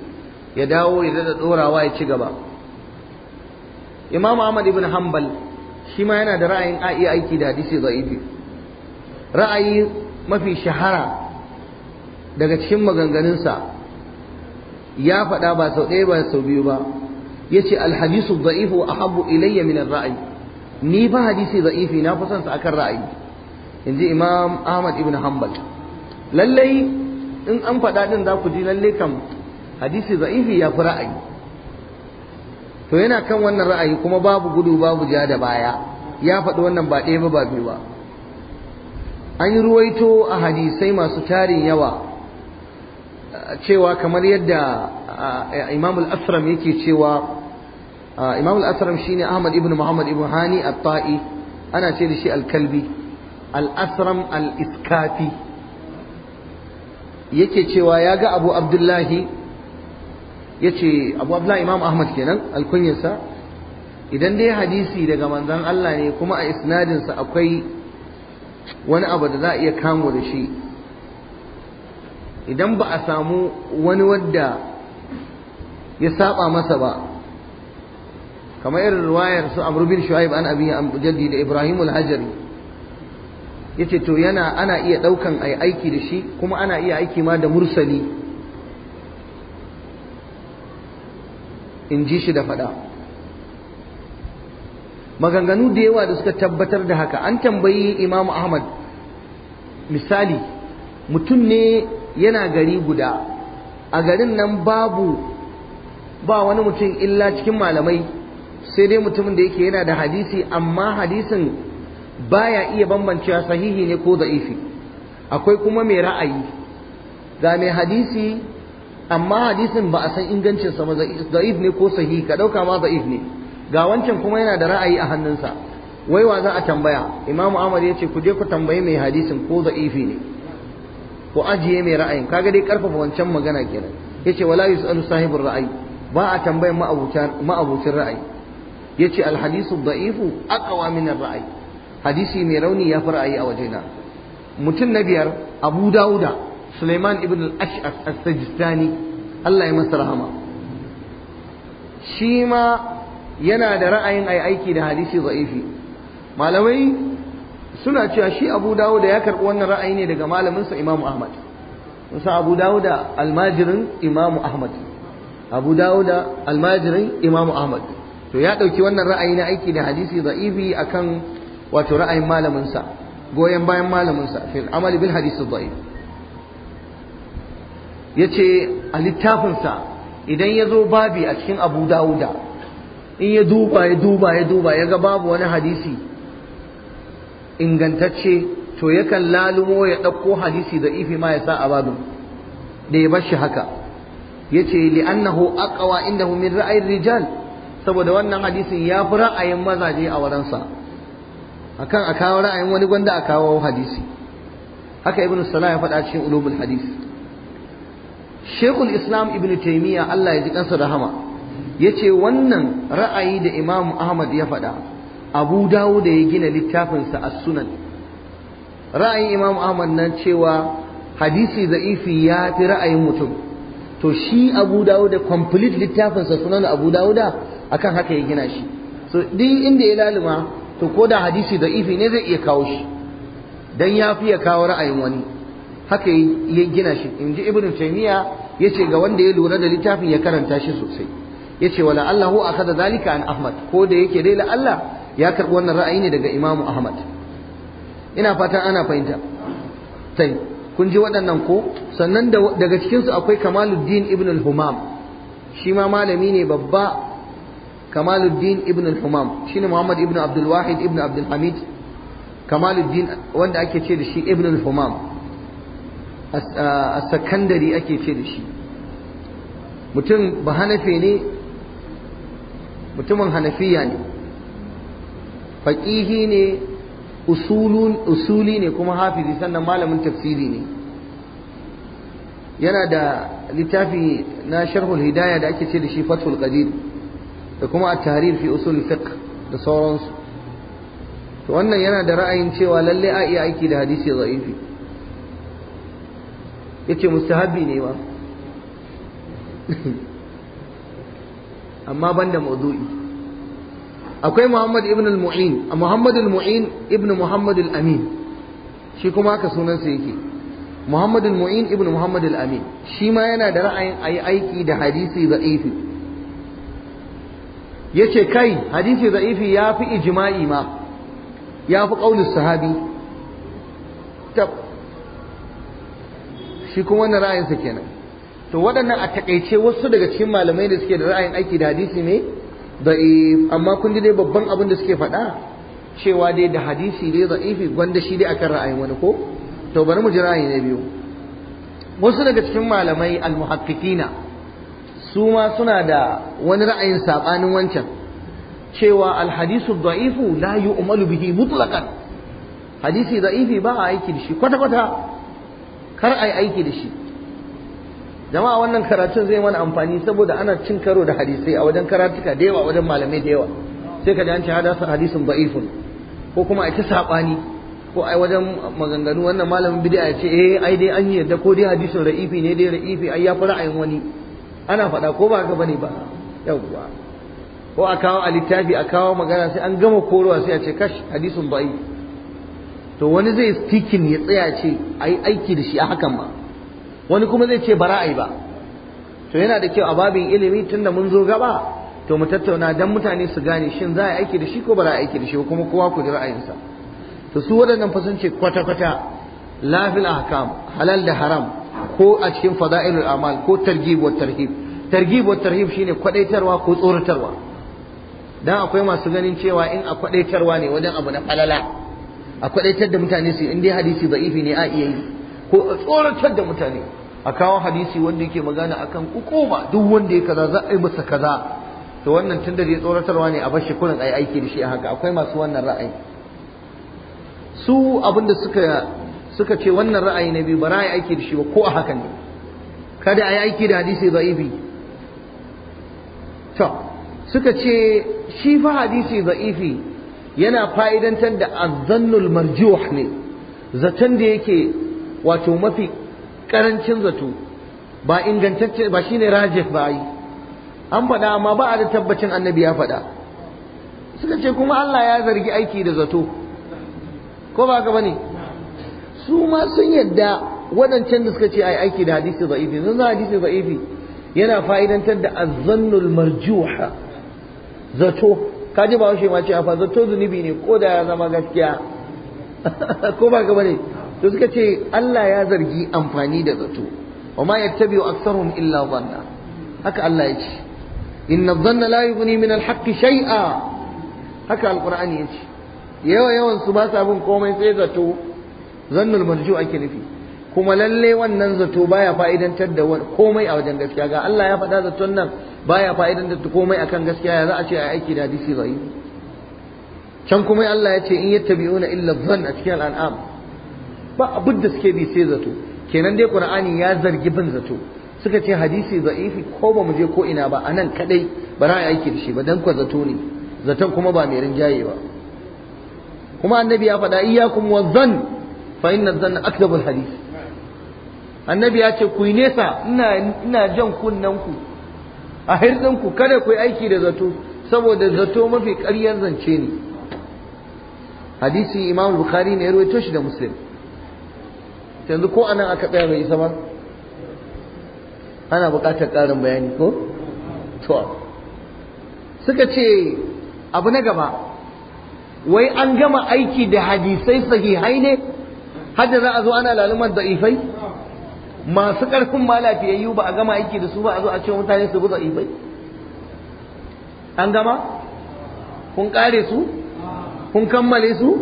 ya dawo ya dada ɗorawa ya ci gaba Imam Ahmad ibn Hanbal shi ma yana da ra'ayin a iya aiki da hadisi za'ifi. ra'ayi mafi shahara daga cikin maganganunsa ya faɗa ba sau ɗaya ba sau biyu ba ya ce alhadisu da'ifu a habu ilayya min ra'ayi ni fa hadisi za'ifi na fi son sa akan ra'ayi in ji imam ahmad ibn hanbal lallai in an faɗa ɗin za ku ji lallai kam hadisi za'ifi ya fi ra'ayi to yana kan wannan ra'ayi kuma babu gudu babu ja da baya ya faɗi wannan ba ɗaya ba ba biyu ba an yi ruwaito a hadisai masu tarin yawa cewa kamar yadda imamul asram yake cewa imamul asram shine ahmad ibn muhammad ibn hani at-ta'i ana ce da shi al-kalbi al-asram al-iskafi yake cewa ya ga abu abdullahi yace Abu Abdullah Imam Ahmad kenan alkunyarsa idan dai hadisi daga manzan Allah ne kuma a isnadinsa akwai wani abu da za a iya kamo da shi idan ba a samu wani wadda ya saba masa ba kamar irin ruwayar su Amr bin Shu'aib an abin jaddi da Ibrahim al-Hajari yace to yana ana iya daukan ai aiki da shi kuma ana iya aiki ma da mursali in ji shi da faɗa maganganu da yawa da suka tabbatar da haka an tambayi imamu ahmad misali mutum ne yana gari guda a garin nan babu ba wani mutum illa cikin malamai sai dai mutumin da yake yana da hadisi amma hadisin baya iya bambancewa sahihi ne ko za'ifi akwai kuma mai ra'ayi ga mai hadisi amma hadisin ba a san ingancinsa sa ba da'if ne ko sahihi ka ɗauka ma zaif ne ga wancan kuma yana da ra'ayi a hannunsa wai wa za a tambaya imamu ahmad ya ce ku je ku tambayi mai hadisin ko zaifi ne ku ajiye mai ra'ayin kaga dai karfafa wancan magana kenan yace wala yusalu sahibur ra'ayi ba a tambayan ma'abucin ra'ayi yace alhadisu da'ifu aqwa min ra'ayi hadisi mai rauni ya fi ra'ayi a wajena mutum na biyar abu dauda Suleiman ibn al-Ash'af as-Sajistani Allah ya masa rahama shi ma yana da ra'ayin ai aiki da hadisi za'ifi malamai suna cewa shi Abu Dawud ya karɓi wannan ra'ayi ne daga malaminsa Imam Ahmad musa Abu Dawud almajirin Imam Ahmad Abu almajirin Imam Ahmad to ya ɗauki wannan ra'ayi na aiki da hadisi za'ifi akan wato ra'ayin malaminsa goyon bayan malaminsa fil amali bil hadisi za'if ya ce a littafinsa idan ya zo babi a cikin abu dawuda in ya duba ya duba ya duba ya ga babu wani hadisi ingantacce to yakan lalumo ya ɗauko hadisi da ifi ma ya sa a babin da ya bar shi haka ya ce li'annahu aqwa indahu min ra'ayin rijal saboda wannan hadisin ya fi ra'ayin mazaje a wurinsa akan a kawo ra'ayin wani gwanda a kawo hadisi haka ibnu salah ya faɗa cikin ulumul hadisi shekul islam ibn taimiyya allah ya ji kansa rahama ya ce wannan ra'ayi da imam ahmad ya faɗa abu dawo da ya gina littafinsa a sunan ra'ayin imam ahmad na cewa hadisi za'ifi ya fi ra'ayin mutum to shi abu dawo da complete littafinsa sunan abu dawo akan haka ya gina shi so duk inda ya lalima, to ko da hadisi za'ifi ne zai iya kawo shi dan ya fi ya kawo ra'ayin wani haka ya gina shi in ji ibn taymiya yace ga wanda ya lura da littafin ya karanta shi sosai yace wala allahu akhadha zalika an ahmad ko da yake dai la allah ya karbi wannan ra'ayi ne daga imamu ahmad ina fatan ana fahimta sai kun ji waɗannan ko sannan daga cikin su akwai kamaluddin ibn al-humam shi ma malami ne babba kamaluddin ibn al-humam shine muhammad ibn abdul wahid ibn abdul hamid kamaluddin wanda ake ce da shi ibn al-humam a sakandari ake ce da shi mutum ba hanafe ne mutumin hanafiya ne faƙihi ne usuli ne kuma hafizi sannan malamin tafsiri ne yana da littafi na sharhul hidaya da ake ce da shi fatul qadir da kuma a tarihi fi usul fiqh da sauransu to wannan yana da ra'ayin cewa lalle a iya aiki da hadisi da'ifi yace mustahabi ne ba, amma banda maudu'i akwai Muhammad ibn al-Mu'in Muhammad al-Mu'in ibn Muhammad al-Amin shi kuma haka sunansa yake Muhammad al-Mu'in ibn Muhammad al-Amin shi ma yana da ra'ayin ayi aiki da hadisi da'ifi yace kai hadisi za'ifi ya fi ijma'i ma ya fi qaulus sahabi shi kuma wannan ra'ayinsa kenan to waɗannan a takaice wasu daga cikin malamai da suke da ra'ayin aiki da hadisi ne da amma kun ji dai babban abin da suke faɗa cewa dai da hadisi dai za'ifi gwanda shi dai akan ra'ayi wani ko to bari mu ji ra'ayi na biyu wasu daga cikin malamai almuhaqqiqina su ma suna da wani ra'ayin sabanin wancan cewa alhadisu da'ifu la yu'malu bihi mutlaqan hadisi da'ifi ba a aiki da shi kwata kwata kar a yi aiki da shi jama'a wannan karatun zai mana amfani saboda ana cin karo da hadisai a wajen karatuka da yawa wajen malamai da yawa sai ka ji an ce hadasa hadisin ba'ifun ko kuma a ta sabani ko ai wajen maganganu wannan malamin bid'a ya ce eh ai dai an yarda ko dai hadisin ra'ifi ne dai ra'ifi ai ya fi ra'ayin wani ana faɗa ko ba ka bane ba yawwa ko a kawo a littafi a kawo magana sai an gama korowa sai a ce kash hadisin ba'i. to wani zai stikin ya tsaya ce a yi aiki da shi a hakan ba wani kuma zai ce ba ra'ayi ba to yana da kyau a babin ilimi tunda mun zo gaba to mu tattauna dan mutane su gane shin za a yi aiki da shi ko ba za a aiki da shi kuma kowa ku ji ra'ayinsa to su waɗannan fa sun ce kwata kwata lafil ahkam halal da haram ko a cikin fada'ilul amal ko targhib wa tarhib targhib wa tarhib shine kwadaitarwa ko tsoratarwa dan akwai masu ganin cewa in a kwadaitarwa ne wajen abu na falala a kwadaitar da mutane su in dai hadisi da'ifi ne a iya yi ko a tsoratar da mutane a kawo hadisi wanda yake magana akan hukuma duk wanda ya kaza za a yi masa kaza to wannan tun da zai tsoratarwa ne a bar shi kurin ai aiki da shi a haka akwai masu wannan ra'ayi su abinda suka suka ce wannan ra'ayi na biyu ba ra'ayi aiki da shi ba ko a haka ne kada a yi aiki da hadisi da'ifi to suka ce shi fa hadisi da'ifi yana fa'idantar da azzannul marjuh ne zaton da yake wato mafi karancin zato ba ingantacce ba shine rajih ba yi an faɗa amma ba a da tabbacin annabi ya faɗa suka ce kuma Allah ya zargi aiki da zato ko ba ka bane su ma sun yadda waɗancan da suka ce ai aiki da hadisi da'ifi sun za hadisi da'ifi yana fa'idantar da azzannul marjuha zato ka ji ba ma ce a zato zunubi ne ko da ya zama gaskiya ko ba ka bane to suka ce Allah ya zargi amfani da zato wa ma yattabi'u aktsaruhum illa dhanna haka Allah ya ce inna dhanna la yughni min al-haqqi shay'a haka alqur'ani ya ce yawa yawan su ba sa bin komai sai zato zannul marju ake nufi kuma lalle wannan zato baya fa'idantar da komai a wajen gaskiya ga Allah ya faɗa zaton nan baya fa'idantar da komai akan gaskiya ya za a ce a aiki da hadisi zai can kuma Allah ya ce in yattabi'una illa dhann a cikin al'am ba abin da suke bi sai zato kenan dai Qur'ani ya zargi bin zato suka ce hadisi za'ifi ko ba mu je ko ina ba anan kadai ba za aiki da shi ba dan kwa zato ne zaton kuma ba mai rinjaye ba kuma annabi ya faɗa iyyakum wa dhann fa inna dhanna akdabul hadisi annabi ya ce ku yi nesa ina jan kunnanku a hirzinku kada ku yi aiki da zato saboda zato mafi ƙaryar zance ne hadisi imam bukhari ne ya rawaito shi da muslim yanzu ko anan aka tsaya mai isa ba ana buƙatar ƙarin bayani ko to suka ce abu na gaba wai an gama aiki da hadisai sahihai ne hadda za a zo ana lalumar da'ifai masu ƙarfin ma lafiyayyu ba a gama aiki da su ba a zo a ce mutane su buza ibai an gama kun ƙare su kun kammale su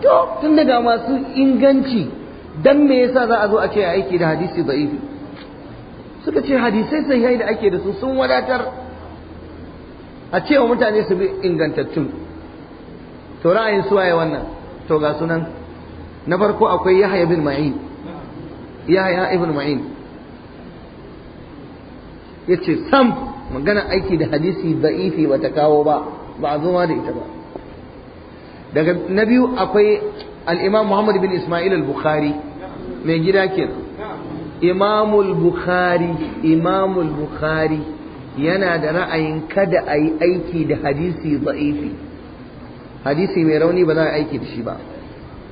to tun daga masu inganci dan me yasa za a zo a ce aiki da hadisi da'ifi suka ce hadisai sahihai da ake da su sun wadatar a ce wa mutane su bi ingantattun to ra'ayin su waye wannan to ga sunan na farko akwai yahya bin ma'in yaya ibn ma'in yace sam magana aiki da hadisi da'ifi ta kawo ba ba a zoma da ita ba daga na biyu akwai al muhammad bin isma'il al-bukhari mai gida kenan imamul bukhari imamul bukhari yana da ra'ayin kada a yi aiki da hadisi da'ifi hadisi mai rauni ba za a aiki da shi ba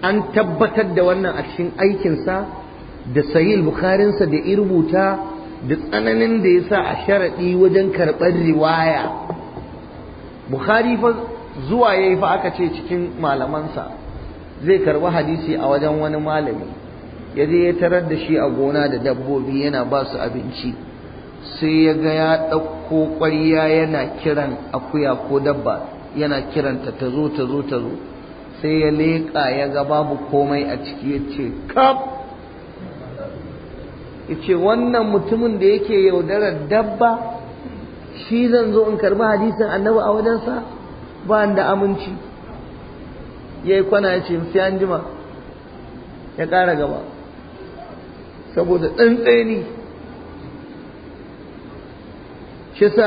an tabbatar da wannan a cikin aikinsa da sahih bukharinsa da irbuta, da tsananin da ya sa a sharaɗi wajen karɓar riwaya bukhari fa zuwa ya yi fa aka ce cikin malamansa zai karɓi hadisi a wajen wani malami ya je ya tarar da shi a gona da dabbobi yana ba su abinci sai ya ga ya ɗauko ƙwarya yana kiran akuya ko dabba yana kiranta ta tazo, ta sai ya leƙa ya ga babu komai a ciki ya ce kaf yace wannan mutumin da yake yaudarar dabba shi zan zo in karbi hadisin annabi a wajensa ba da aminci yi kwana ce sai an jima ya ƙara gaba saboda tsantseni shi sa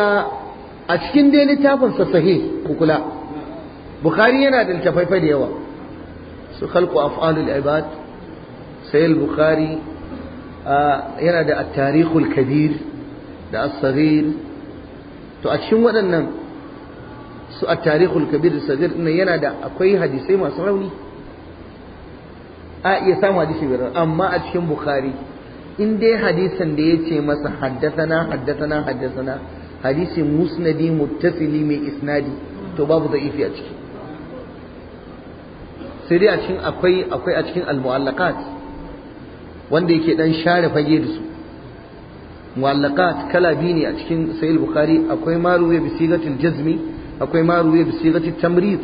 a cikin dai littafinsa sahih kukula bukhari yana da littafai da yawa su khalqu af'alul ibad sai al-bukhari yana da at-tarikhul kabir da as to a cikin waɗannan su a tarikhul kabir da saghir ɗin yana da akwai hadisai masu rauni a iya samu hadisi biyar amma a cikin bukhari in dai hadisan da ya ce masa haddathana haddathana haddathana hadisi musnadi muttasili mai isnadi to babu da'ifi a ciki sai dai a cikin akwai akwai a cikin al-mu'allaqat wanda yake dan share fage da su mu'allaqat kala biyu ne a cikin sahih bukhari akwai maruwe bi sigatil jazmi akwai maruwe bi sigatil tamrid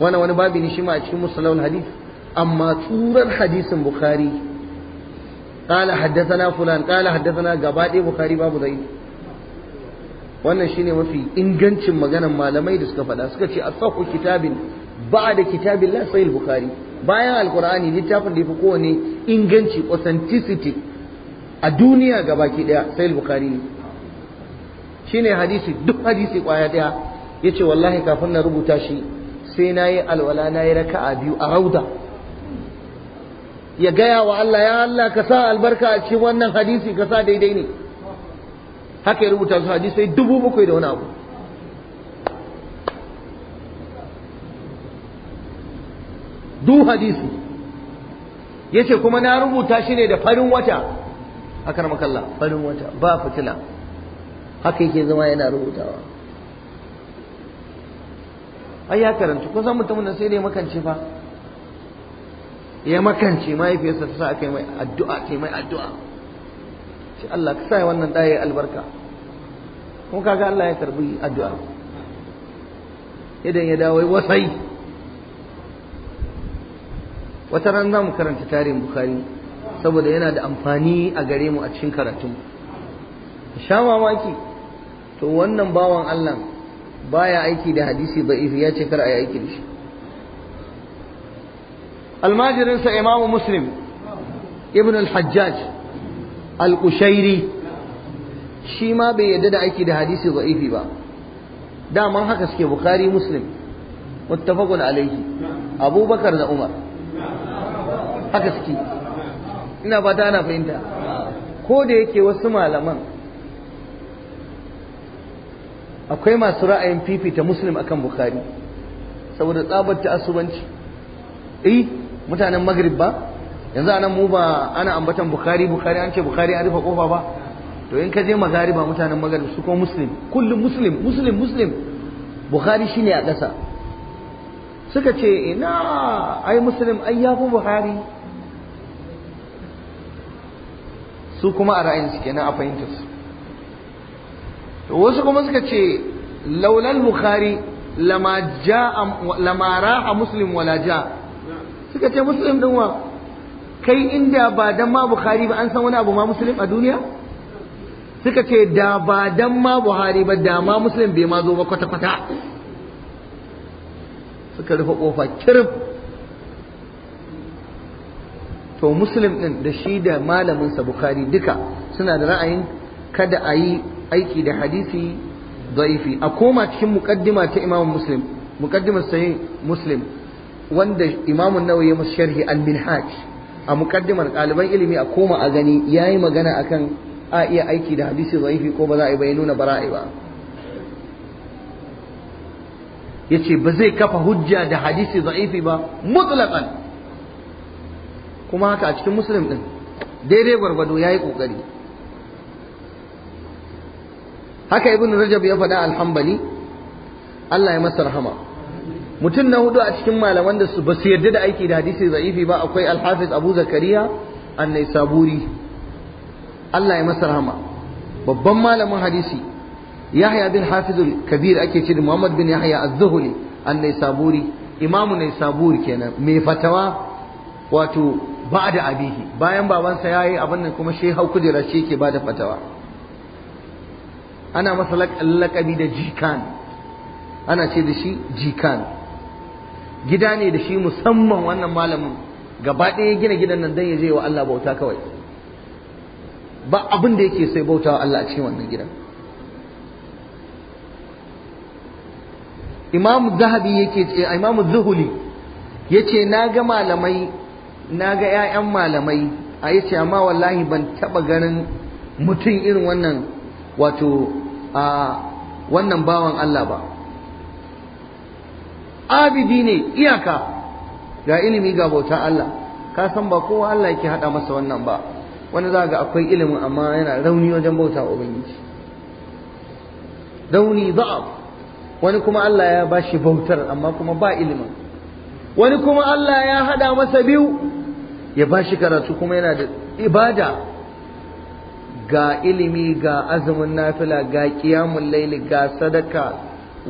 wannan wani babi ne shi ma a cikin musnadul hadith amma turar hadisin bukhari قال حدثنا فلان قال حدثنا gabaɗaya bukhari babu zai wannan shine mafi ingancin maganan malamai da suka faɗa suka ce asahu kitabin ba'da kitabillah sahih bukhari bayan alqur'ani littafin da yafi kowane inganci authenticity a duniya ga baki daya sai bukhari shine hadisi duk hadisi kwaya daya yace wallahi kafin na rubuta shi sai nayi alwala nayi raka'a biyu a rauda ya gaya wa Allah ya Allah ka sa albarka a cikin wannan hadisi ka sa daidai ne haka ya rubuta su hadisai dubu bakwai da wani abu duk hadisi yace kuma na rubuta shi ne da farin wata akar makalla farin wata ba fitila haka yake zama yana rubutawa ai ya karanta kusan mutumin da sai dai makance fa ya makance mahaifiyarsa ta sa aka yi mai addu'a ta mai addu'a ce Allah ka sa wannan ɗaya albarka kuma kaga Allah ya karbi addu'a idan ya dawo wasai wata ran za mu karanta tarihin bukari saboda yana da amfani a gare mu a cikin karatun sha mamaki to wannan bawan Allah baya aiki da hadisi ba ifi ya ce kar a yi aiki da shi almajirinsa imamu muslim ibn al-hajjaj al-kushairi shi ma bai yadda da aiki da hadisi ba ifi ba daman haka suke bukari muslim muttafaqun alaihi abubakar da umar haka suke ina fata ana fahimta ko da yake wasu malaman akwai masu ra'ayin fifita muslim akan bukari saboda tsabar ta asubanci eh mutanen magrib ba yanzu anan mu ba ana ambatan bukari, bukari an ce bukari an rufe kofa ba to in ka je ba mutanen magrib su ko muslim kullum muslim muslim muslim bukari shine a ƙasa suka ce ina ai muslim ai yafi bukhari su kuma a ra'ayinsu kenan a To wasu kuma suka ce laulal bukhari lama raha muslim wala ja suka ce muslim din wa kai inda ba dan ma bukhari ba an san wani abu ma muslim a duniya suka ce da ba dan ma buhari ba da ma muslim bai ma zo ba kwata-kwata suka rufe kofa kirif to muslim din da shi da malamin sa bukhari duka suna da ra'ayin kada a yi aiki da hadisi da'ifi a koma cikin muqaddima ta imam muslim muqaddimar sahih muslim wanda imam nawawi ya masa sharhi al-minhaj a muqaddimar ɗaliban ilimi a koma a gani yayi magana akan a iya aiki da hadisi da'ifi ko ba za a yi nuna bara'i ba yace ba zai kafa hujja da hadisi da'ifi ba mutlaqan kuma haka a cikin muslim din daidai gwargwado ya yi ƙoƙari haka ibn rajab ya faɗa alhambali Allah ya masa rahama mutum na hudu a cikin malaman da su ba su yarda da aiki da hadisi za'ifi ba akwai alhafiz abu zakariya annai saburi Allah ya masa rahama babban malamin hadisi yahya bin hafizul kabir ake ce da muhammad bin yahya az-zuhli annai saburi imamu saburi kenan mai fatawa wato ba da abihi bayan babansa ya yi abin nan kuma shi hau kujera shi ke ba da fatawa ana masa lakabi da jikan ana ce da shi jikan gida ne da shi musamman wannan malamin gaba ɗaya gina gidan nan don ya je wa Allah bauta kawai ba abin da yake sai bauta wa Allah a cikin wannan gidan imam zahabi yake imam zuhuli yace na ga malamai na ga 'ya'yan malamai a yi amma wallahi ban taɓa ganin mutum irin wannan wato a wannan bawan Allah ba abidi ne iyaka ga ilimi ga bauta Allah ka san ba kowa Allah yake haɗa masa wannan ba wani za ga akwai ilimin amma yana rauni wajen bauta wa ubangiji rauni wani kuma Allah ya bashi bautar amma kuma ba ilimin wani kuma Allah ya haɗa masa biyu ya ba shi karatu kuma yana da ibada ga ilimi ga azumin nafila ga kiyamun laili ga sadaka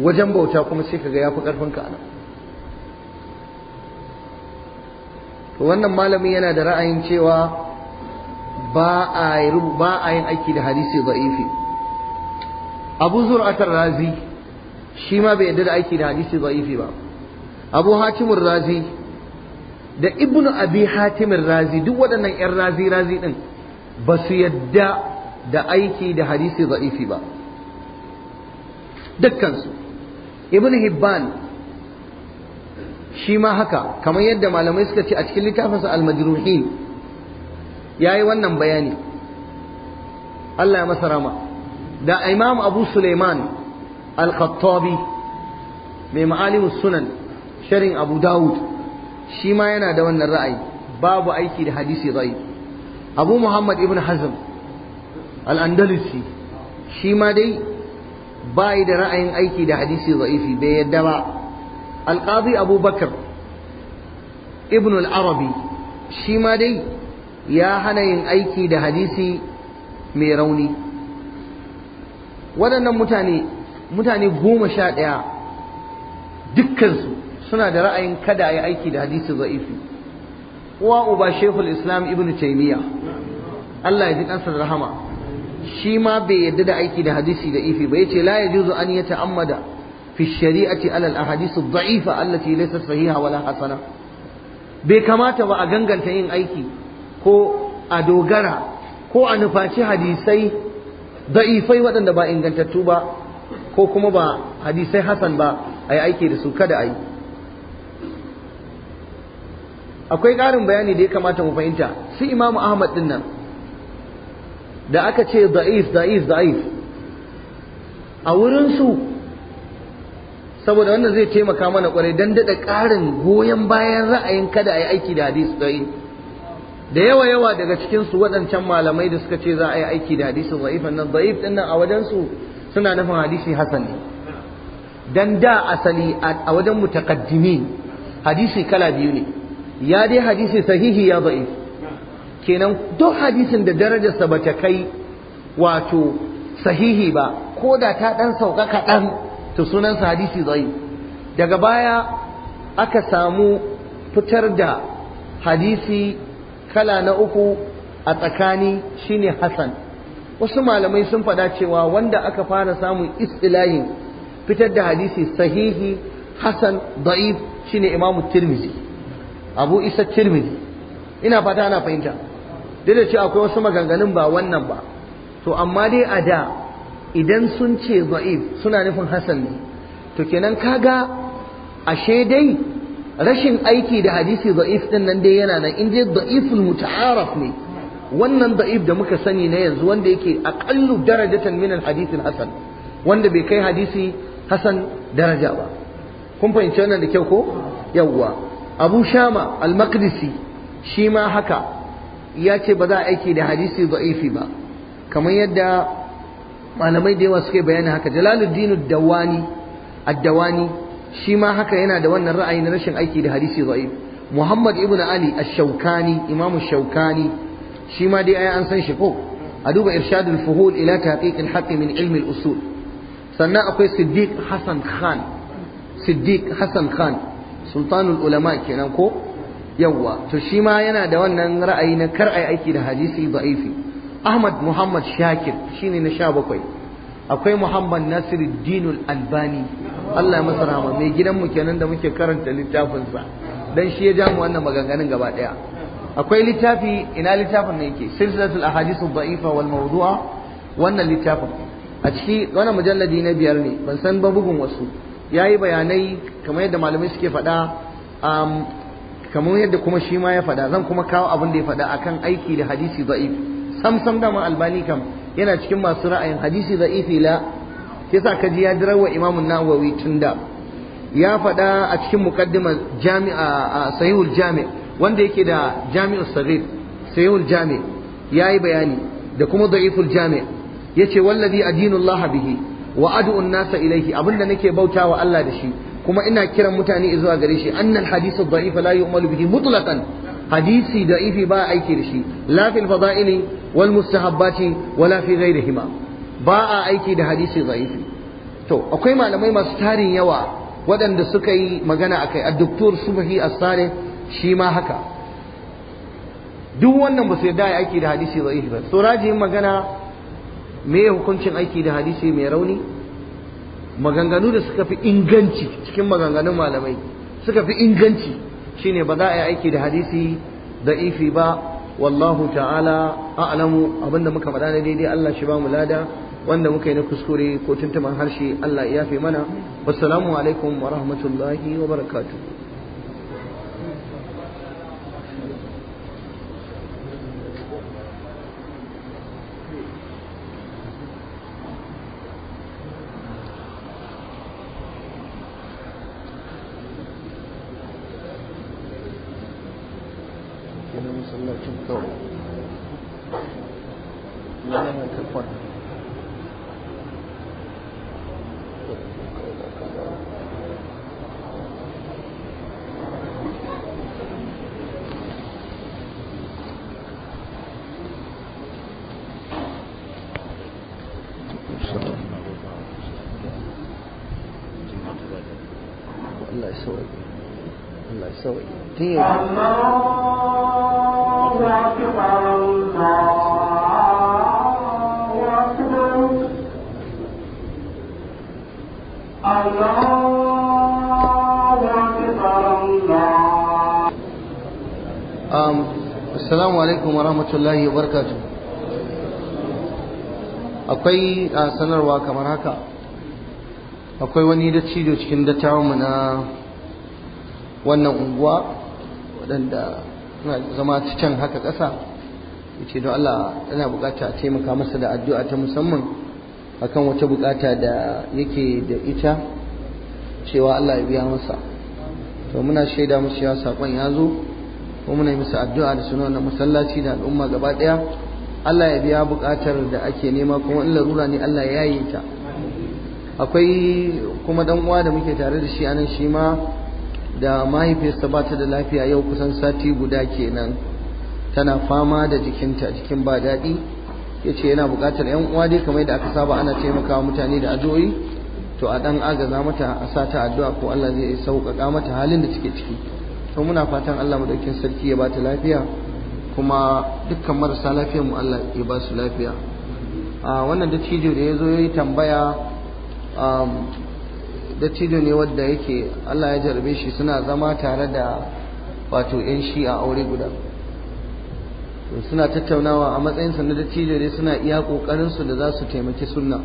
wajen bauta kuma sai kaga yafi karfin ka nan wannan malami yana da ra'ayin cewa ba a ba a yin aiki da hadisi da'ifi Abu Zur'atar Razi shi ma bai yarda da aiki da hadisi ifi ba Abu Hatimur Razi da Ibnu abi hatimin razi duk waɗannan 'yan razi razi ɗin ba su yadda da aiki da hadisi za'ifi ba dukkansu ibn hibban shi ma haka kamar yadda malamai suka ce a cikin littafinsa al ya yi wannan bayani Allah ya masa rama da imam abu suleiman al-khattabi mai ma'alimus sunan sharin abu dawud shi ma yana da wannan ra'ayi babu aiki da hadisi zai abu muhammad ibn hazm al-andalusi shi ma dai bai da ra'ayin aiki da hadisi za'ifi bai yadda ba alqadi abubakar ibn al-arabi shi ma dai ya hana yin aiki da hadisi mai rauni waɗannan mutane mutane goma sha ɗaya dukkansu suna da ra'ayin kada a yi aiki da hadisi za'ifi uwa uba shekul islam ibn taimiya Allah ya ji ɗansa da rahama shi ma bai yadda da aiki da hadisi da ifi bai ce la yajuzu an ya ta'ammada fi shari'ati alal ahadisu za'ifa allati laysa sahiha wala hasana bai kamata ba a ganganta yin aiki ko a dogara ko a nufaci hadisai da'ifai waɗanda ba ingantattu ba ko kuma ba hadisai hasan ba a yi aiki da su kada a yi akwai ƙarin bayani da ya kamata mu fahimta su imamu ahmad din nan da aka ce da'if da'if da'if a wurinsu saboda wannan zai taimaka mana kwarai don dada ƙarin goyon bayan ra'ayin kada a yi aiki da hadisi, da'if da yawa yawa daga cikinsu waɗancan malamai da suka ce za a yi aiki da hadisi, da'if nan da'if din nan a wajensu suna nufin hadisi hasan ne dan da asali a wajen mutaqaddimin hadisi kala biyu ne ya dai hadisi sahihi ya da'if kenan duk hadisin da darajarsa ba ta kai wato sahihi ba ko da ta ɗan sauka kaɗan to sunansa hadisi zai daga baya aka samu fitar da hadisi kala na uku a tsakani shine hasan wasu malamai sun faɗa cewa wanda aka fara samun istilahin fitar da hadisi sahihi hasan da'if shine imamu tirmizi abu isa cirmini ina fata ana fahimta duk da cewa akwai wasu maganganun ba wannan ba to amma dai a da idan sun ce za'if suna nufin Hassan ne to kenan kaga ashe dai rashin aiki da hadisi za'if din nan dai yana nan in dai da'iful muta'araf ne wannan da'if da muka sani na yanzu wanda yake aqallu darajatan min al-hadith hasan wanda bai kai hadisi hasan daraja ba kun fahimci wannan da kyau ko yawwa abu shama al-maqdisi shi ma haka ya ce ba za a aiki da hadisi da'ifi ba kamar yadda malamai da yawa suka bayani haka jalaluddin dawani ad-dawani shi ma haka yana da wannan ra'ayi na rashin aiki da hadisi da'if muhammad ibn ali ash-shaukani imam shaukani shi ma dai ai an san shi ko a duba irshadul fuhul ila tahqiq al min ilm al-usul sannan akwai siddiq hasan khan siddiq hasan khan sultanul ulama kenan ko yawwa to shi ma yana da wannan ra'ayi na kar ai aiki da hadisi da'ifi ahmad muhammad shakir shine na sha bakwai akwai muhammad nasiruddin albani allah masa rahama mai gidanmu kenan da muke karanta littafinsa dan shi ya ja mu wannan maganganun gaba daya akwai littafi ina littafin ne yake silsilatul ahadith daifa wal mawdu'a wannan littafin a ciki wannan mujalladi na biyar ne ban san ba bugun wasu ya yi bayanai kamar yadda malamai suke faɗa um, kamar yadda kuma shi ma ya faɗa zan kuma kawo abin da ya faɗa akan aiki da hadisi za'if samsam dama albani kam yana cikin masu ra'ayin hadisi da'ifi la yasa kaji ya dirar wa imamun nawawi da ya faɗa a cikin muqaddimar jami'a sahihul jami' wanda yake da jami'us saghir sahihul jami' yayi bayani da kuma da'iful jami' yace wallazi adinullah bihi wa ad'u an-nasa ilayhi abinda nake wa Allah da shi kuma ina kiran mutane zuwa gare shi annal hadithu dha'if la yu'malu bihi mutlaqan hadisi da'ifi ba aiki da shi la fil fada'ili wal mustahabbati wala fi ghayrihima ba a aiki da hadisi da'ifi to akwai malamai masu tarin yawa waɗanda suka yi magana akai ad-doktor subhi as-salih shi ma haka duk wannan ba su yarda ya aiki da hadisi da'ifi ba suraji magana me hukuncin aiki da hadisi mai rauni maganganu da suka fi inganci cikin maganganun malamai suka fi inganci shine ba za a yi aiki da hadisi da ifi ba wallahu ta'ala a'lamu abinda muka faɗa na daidai Allah shi ba mu lada wanda muka yi na kuskure ko tuntuman harshe Allah ya yafe mana salamu alaikum wa rahmatullahi wa barakatuh mutum ya Assalamu alaikum wa rahmatullahi wa Akwai a sanarwa kamar haka, akwai wani dacci cikin dattawanmu na wannan unguwa waɗanda suna zama can haka ƙasa yace don Allah yana bukata a taimaka masa da addu'a ta musamman akan wata bukata da yake da ita cewa Allah ya biya masa to muna shaida musu cewa sakon ya zo ko muna masa addu'a da sunana na masallaci da al'umma gaba ɗaya Allah ya biya bukatar da ake nema kuma in larura ne Allah ya yi ta akwai kuma dan uwa da muke tare da shi anan shi ma da mahaifiyarsa ba ta da lafiya yau kusan sati guda kenan tana fama da jikinta jikin ba daɗi ya ce yana buƙatar yan uwa dai kamar da aka saba ana taimakawa mutane da ajoyi to a ɗan agaza mata a sa ta addu'a ko Allah zai sauƙaƙa mata halin da take ciki to muna fatan Allah madaukin sarki ya ba ta lafiya kuma dukkan marasa lafiyar mu Allah ya ba su lafiya a wannan dattijo da ya zo ya yi tambaya um, dattijo ne wadda yake Allah ya jarabe shi suna zama tare da wato yan shi a aure guda suna tattaunawa a matsayin sa na dattijo ne suna iya kokarin su da za su taimaki sunna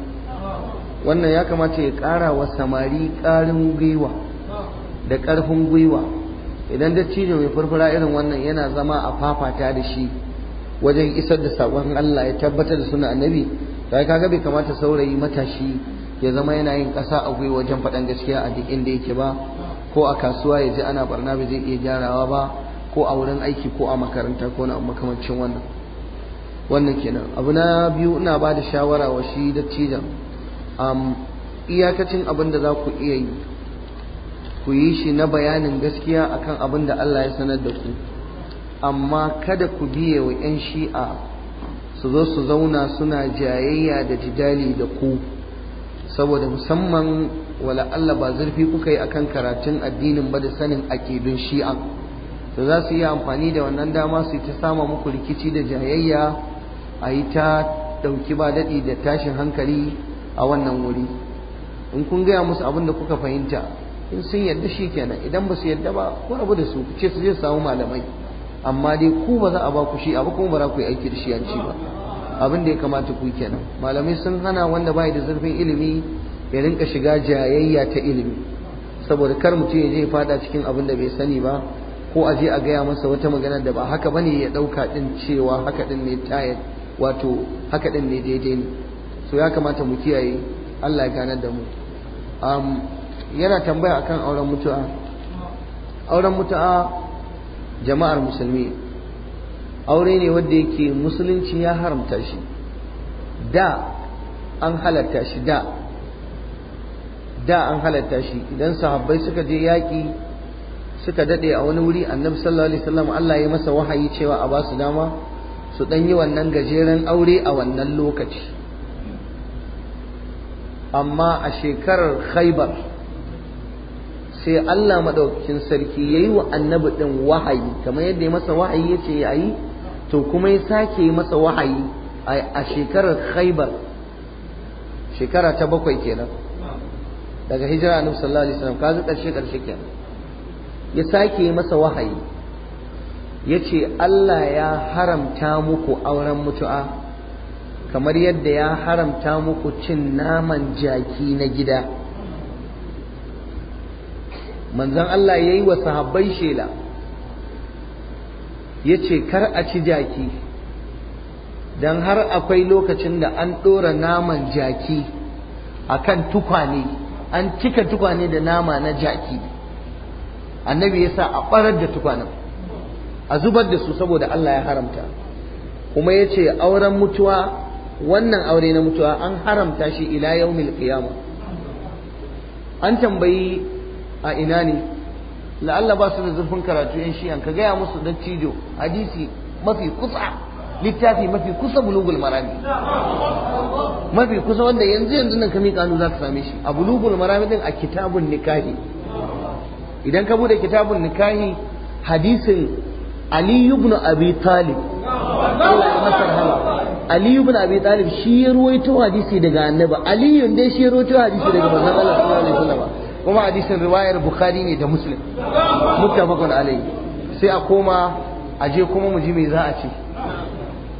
wannan ya kamata ya ƙara wa samari ƙarin gwiwa da ƙarfin gwiwa idan dattijo mai furfura irin wannan yana zama a fafata da shi wajen isar da saƙon Allah ya tabbatar da suna annabi to kaga bai kamata saurayi matashi ya zama yana yin ƙasa a gwiwa wajen faɗan gaskiya a duk inda yake ba ko a kasuwa ya ji ana barna ba zai iya gyarawa ba ko a wurin aiki ko a makaranta ko na makamancin wannan wannan kenan abu na biyu ina ba da shawara wa shi dattijan um, iyakacin abin da za ku iya yi ku yi shi na bayanin gaskiya akan abin da Allah ya sanar da ku amma kada ku biye wa 'yan shi'a su zo su zauna suna jayayya da jidali da ku saboda musamman wala Allah ba zurfi kuka yi akan karatun addinin ba da sanin aƙidun shi'a to za su yi amfani da wannan dama su ta sama muku rikici da jayayya a yi ta ɗauki ba daɗi da tashin hankali a wannan wuri in kun gaya musu abin da kuka fahimta in sun yarda shi kenan idan ba su yarda ba ku rabu da su ku ce su je su samu malamai amma dai ku ba za a ba ku shi abu kuma ba za ku yi aiki da shi ci ba abin da ya kamata ku kenan malamai sun hana wanda bai da zurfin ilimi ya rinka shiga jayayya ta ilimi saboda kar mutum ya je ya fada cikin abin da bai sani ba ko a je a gaya masa wata magana da ba haka bane ya dauka din cewa haka din ne tayar wato haka din ne daidai ne so ya kamata mu kiyaye Allah ya ganar da mu um, yana tambaya akan auren mutu'a auren mutu'a jama'ar musulmi aure ne wanda yake musulunci ya haramta shi da an halatta shi da da an halatta shi idan sahabbai suka je yaƙi suka daɗe a wani wuri annabi sallallahu alaihi wasallam Allah ya masa wahayi cewa a ba su dama su ɗan yi wannan gajeren aure a wannan lokaci amma a shekarar khaibar sai Allah maɗaukakin sarki ya yi wa annabi ɗin wahayi kamar yadda ya masa wahayi ya ce ya yi to kuma ya sake masa wahayi a shekarar khaibar shekara ta bakwai kenan daga hijira annabi sallallahu alaihi wasallam kaga karshe karshe kenan ya sake masa wahayi yace Allah ya haramta muku auren mutu'a kamar yadda ya haramta muku cin naman jaki na gida manzon Allah yayi wa sahabbai shela ya ce kar a ci jaki don har akwai lokacin da an ɗora naman jaki a kan tukwane an cika tukwane da nama na jaki annabi ya sa a ɓarar da tukwanen a zubar da su saboda Allah ya haramta kuma ya ce auren mutuwa wannan aure na mutuwa an haramta shi ila yaumil qiyama an tambayi a ina ne la'alla ba su da zurfin karatu yan shiyan ka gaya musu da cijo hadisi mafi kusa littafi mafi kusa bulugul marami mafi kusa wanda yanzu yanzu nan ka miƙa hannu za ka same shi a bulugul marami din a kitabun nikahi idan ka bude kitabun nikahi hadisin Ali ibn Abi Talib Ali ibn Abi Talib shi ya ruwaito hadisi daga Annabi Ali dai shi ya ruwaito hadisi daga manzon Allah sallallahu alaihi wasallam kuma hadisin riwayar bukhari ne da muslim muttafaqun alayhi sai a koma a je kuma mu ji me za a ce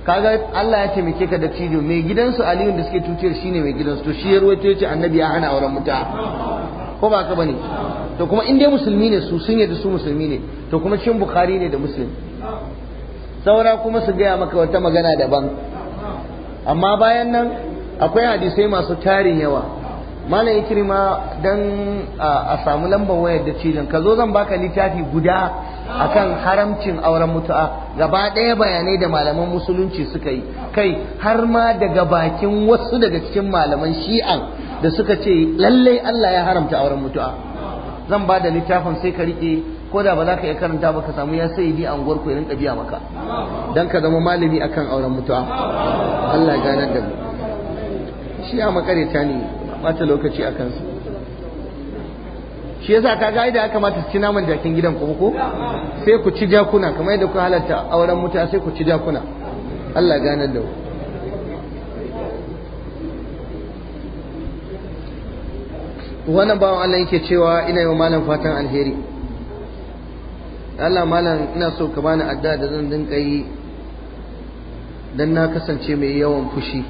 kaga Allah ya taimake ka da cijo mai gidansu Aliyu da suke tutiyar shine mai gidansu to shi ya ruwaito yace annabi ya hana auren muta ko ba ka bane to kuma in dai musulmi ne su sun yadda su musulmi ne to kuma cin bukhari ne da muslim saura kuma su gaya maka wata magana daban amma bayan nan akwai hadisai masu tarin yawa malam ma don a samu lambar wayar da cilin ka zo zan baka littafi guda akan haramcin auren mutu'a gaba ɗaya bayanai da malaman musulunci suka yi kai har ma daga bakin wasu daga cikin malaman shi'an da suka ce lallai Allah ya haramta auren mutu'a zan ba da littafin sai ka rike ko da ba za ka iya karanta ba ka samu ya sai bi anguwar ku ya rinka biya maka dan ka zama malami akan auren mutu'a Allah ya ganar da mu shi a ne mata lokaci a kansu shi yasa ka ga ya aka su ci naman jakin gidan ku ko sai ku ci jakuna kamar yadda ku halatta auren muta sai ku ci jakuna Allah ganar da ku wannan bawan Allah yake cewa ina yi wa malam fatan alheri Allah malam ina so ka bani adda da zan dinka yi dan na kasance mai yawan fushi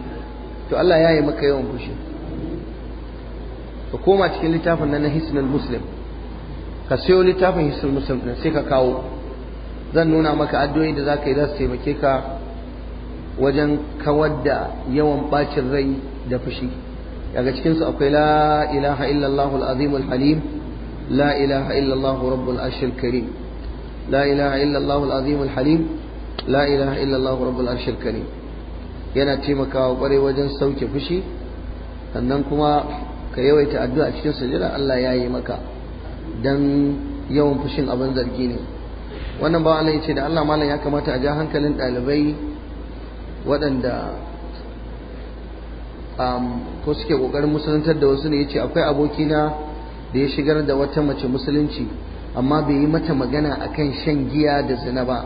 to Allah ya yi maka yawan fushi ka koma cikin littafin nan na hisnul muslim ka sayo littafin hisnul muslim din sai ka kawo zan nuna maka addu'o'i da zaka yi za su taimake ka wajen kawar da yawan bacin rai da fushi daga cikin su akwai la ilaha illallah al-azim al-halim la ilaha illallah rabbul arshil karim la ilaha illallah al-azim al-halim la ilaha illallah rabbul arshil karim yana taimakawa kwarai wajen sauke fushi sannan kuma ka yawaita addu'a cikin sujada Allah ya yi maka dan yawan fushin abin zargi ne wannan ba Allah ya ce da Allah malam ya kamata a ja hankalin dalibai waɗanda um, ko suke ƙoƙarin musuluntar da wasu ne ya ce akwai abokina da ya shigar da wata mace musulunci amma bai yi mata magana akan shan giya da zina ba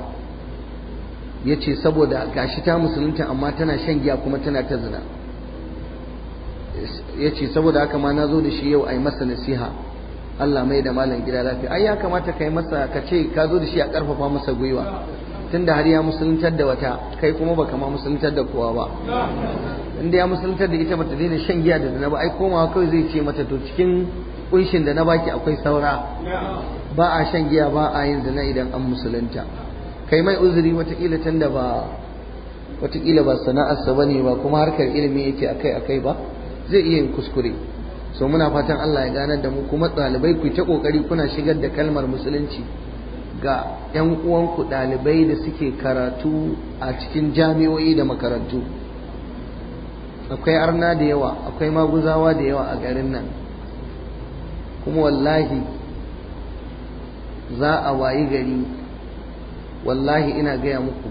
ya ce saboda gashi ta musulunta amma tana shan giya kuma tana ta zina ya ce saboda haka ma na zo da shi yau a masa nasiha Allah mai da malam gida lafiya ai ya kamata ka yi masa ka ce ka zo da shi a karfafa masa gwiwa tunda har ya musuluntar da wata kai kuma baka ma musuluntar da kowa ba inda ya musuluntar da ita bata daina shan giya da zina ba ai komawa kawai zai ce mata to cikin kunshin da na baki akwai saura ba a shan giya ba a yin zina idan an musulunta kai mai uzuri watakila tunda ba watakila ba sana'arsa bane ba kuma harkar ilimi yake akai akai ba zai iya yin kuskure so muna fatan Allah ya ganar da mu kuma ɗalibai ku ta ƙoƙari kuna shigar da kalmar musulunci ga 'yan uwanku ɗalibai da suke karatu a cikin jami'o'i da makarantu akwai arna da yawa akwai maguzawa da yawa a garin nan kuma wallahi za a wayi gari wallahi ina gaya muku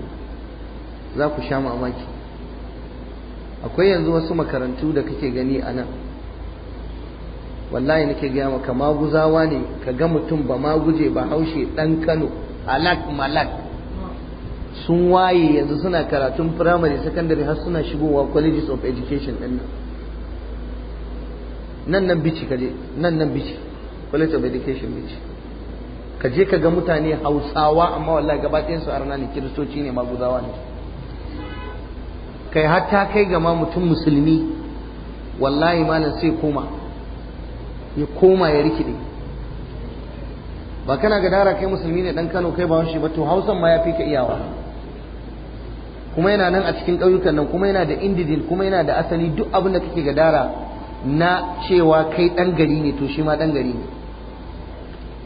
za ku sha mamaki akwai yanzu wasu makarantu da kake gani a nan wallahi nake gaya maka maguzawa ne ka ga mutum ba maguje ba haushe ɗan kano alak malak sun waye yanzu suna karatun primary secondary har suna shigowa colleges of education ɗin nan nan nan bici kaje nan nan bici college of education bici ka je ka ga mutane hausawa amma wallahi gaba ɗayan su arna ne kiristoci ne maguzawa ne kai hatta kai gama mutum musulmi wallahi malam sai koma ya koma ya rikide ba kana ga dara kai musulmi ne dan Kano kai ba shi ba to Hausan ma ya fi ka iyawa kuma yana nan a cikin ƙauyukan nan kuma yana da indijin kuma yana da asali duk abin da kake dara na cewa kai ɗan gari ne to shi ma ɗan gari ne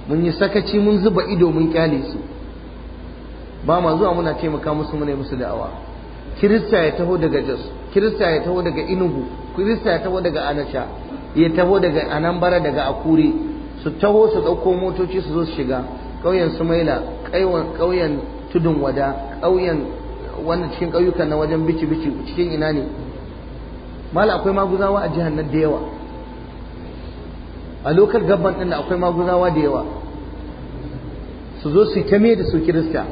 mun yi sakaci mun zuba ido mun kyale su ba ma zuwa muna taimaka musu muna musu da'awa kirista ya taho daga jos kirista ya taho daga inugu kirista ya taho daga anasha ya taho daga anambara daga akure su taho su ɗauko motoci su zo su shiga ƙauyen sumaila ƙauyen tudun wada ƙauyen wanda cikin ƙauyukan na wajen bici bici cikin ina ne mala akwai maguzawa a jihar nan da yawa a lokal gabban ɗin akwai maguzawa da yawa su zo su ta da su kirista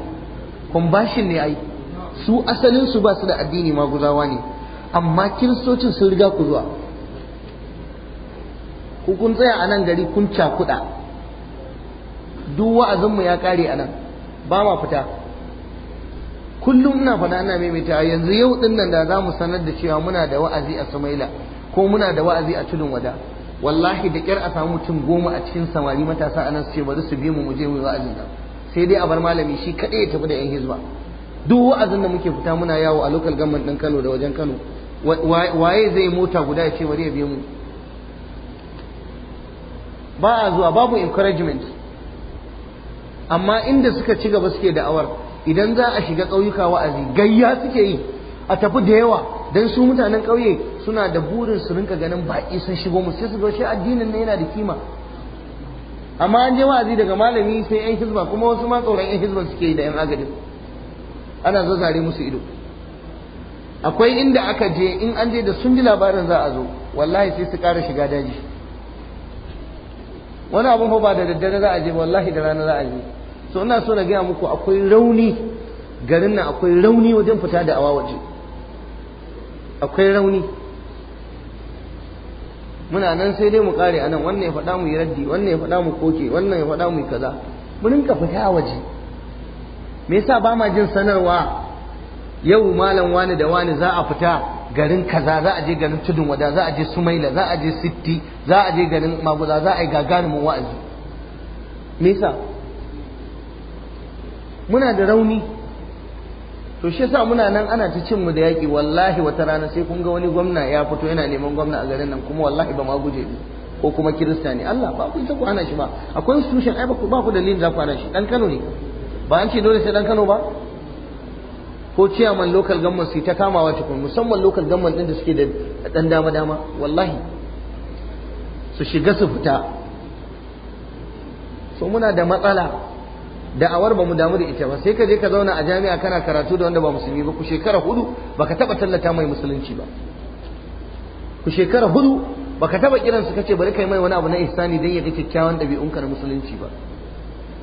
kumbashin ne ai su asalin su ba su da addini maguzawa ne amma kiristocin sun riga ku zuwa ku kun tsaya a nan gari kun cakuɗa duk wa'azinmu ya kare a nan ba ma fita kullum ina faɗa ana maimaita yanzu yau ɗin nan da za mu sanar da cewa muna da wa'azi a sumaila ko muna da wa'azi a tudun wada wallahi da ƙyar a samu mutum goma a cikin samari matasa a nan su ce bari su bi mu mu je mu yi wa'azin nan sai dai a bar malami shi kaɗai ya tafi da 'yan hizba duk wa'azin da muke fita muna yawo a local government ɗin Kano da wajen Kano waye zai mota guda ya ce bari ya mu ba a zuwa babu encouragement amma inda suka ci gaba suke da'awar idan za a shiga ƙauyuka wa'azi gayya suke yi a tafi da yawa don su mutanen ƙauye suna da burin su rinka ganin baƙi sun shigo mu sai su addinin ne yana da kima amma an je wa'azi daga malami sai yan hizba kuma wasu ma tsoron yan hizba suke yi da yan agajin ana zazzare musu ido akwai inda aka je in an je da sun ji labarin za a zo wallahi sai su ƙara shiga daji wani abin ba da daddare za a je wallahi da rana za a je so ina so na gaya muku akwai rauni garin nan akwai rauni wajen fita da awa waje akwai rauni muna nan sai dai mu kare anan wannan ya faɗa mu yi raddi wannan ya faɗa mu koke wannan ya faɗa mu kaza mu rinka fita waje me yasa ba ma jin sanarwa yau malam wani da wani za a fita garin kaza za a je garin tudun wada za a je sumaila za a je sitti za a je garin maguza za a yi gagarumin wa'azi me yasa muna da rauni to shi yasa muna nan ana ta cin mu da yaƙi wallahi wata rana sai kun ga wani gwamna ya fito yana neman gwamna a garin nan kuma wallahi ba ma guje ne ko kuma kirista ne Allah ba ku ta ku ana shi ba akwai sushin ai ba ku ba ku dalilin za ku ana shi dan Kano ne ba an ce dole sai dan Kano ba ko ciyaman local government sai ta kamawa tukun musamman local government din da suke da dan dama dama wallahi su shiga su fita so muna da matsala da'awar ba mu damu da ita ba sai ka je ka zauna a jami'a kana karatu da wanda ba musulmi ba ku shekara hudu baka taba tallata mai musulunci ba ku shekara hudu baka taba kiran su kace bari kai mai wani abu na ihsani dan ya ga kyakkyawan dabi'unka na musulunci ba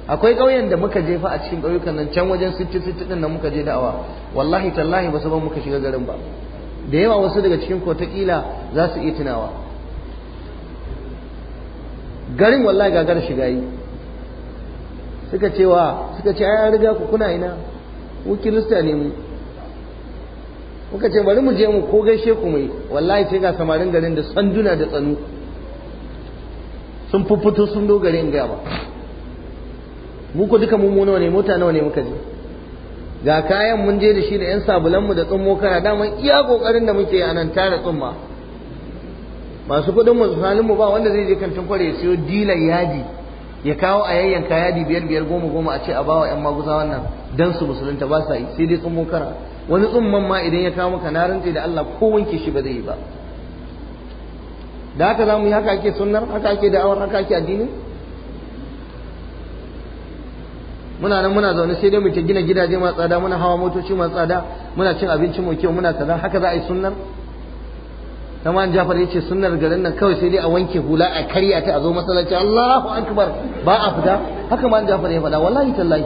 akwai ƙauyen da muka jefa a cikin ƙauyukan nan can wajen sitti sitti din nan muka je da'awa wallahi tallahi ba su ban muka shiga garin ba da yawa wasu daga cikin ko kila za su iya tunawa garin wallahi gar shiga yi suka cewa suka ce ai an riga ku kuna ina ku kirista ne mu muka ce bari mu je mu ko gaishe ku mai wallahi sai ga samarin garin da sanduna da tsanu sun fuffuto sun dogare in gaya ba mu ko duka mu nawa ne mota nawa ne muka je ga kayan mun je da shi da yan sabulan mu da tsummo da mun iya kokarin da muke a nan tara tsumma masu kuɗin mu sanin mu ba wanda zai je kantin kware ya siyo dilan yadi ya kawo a yayyanka yadi biyar biyar goma goma a ce a bawa yan maguza wannan dan su musulunta ba sa yi sai dai tsummo kara wani tsumman ma idan ya kawo maka na da Allah ko wanke shi ba zai yi ba da haka za mu yi haka ake sunnar haka ake da'awar haka ake addinin muna nan muna zaune sai dai mu ta gina gidaje masu tsada muna hawa motoci masu tsada muna cin abinci mai kyau muna kaza haka za a yi sunnar an Jafar ya ce sunnar garin nan kawai sai dai a wanke hula a karya ta a zo masallaci Allahu akbar ba a fita haka ma an Jafar ya faɗa wallahi tallahi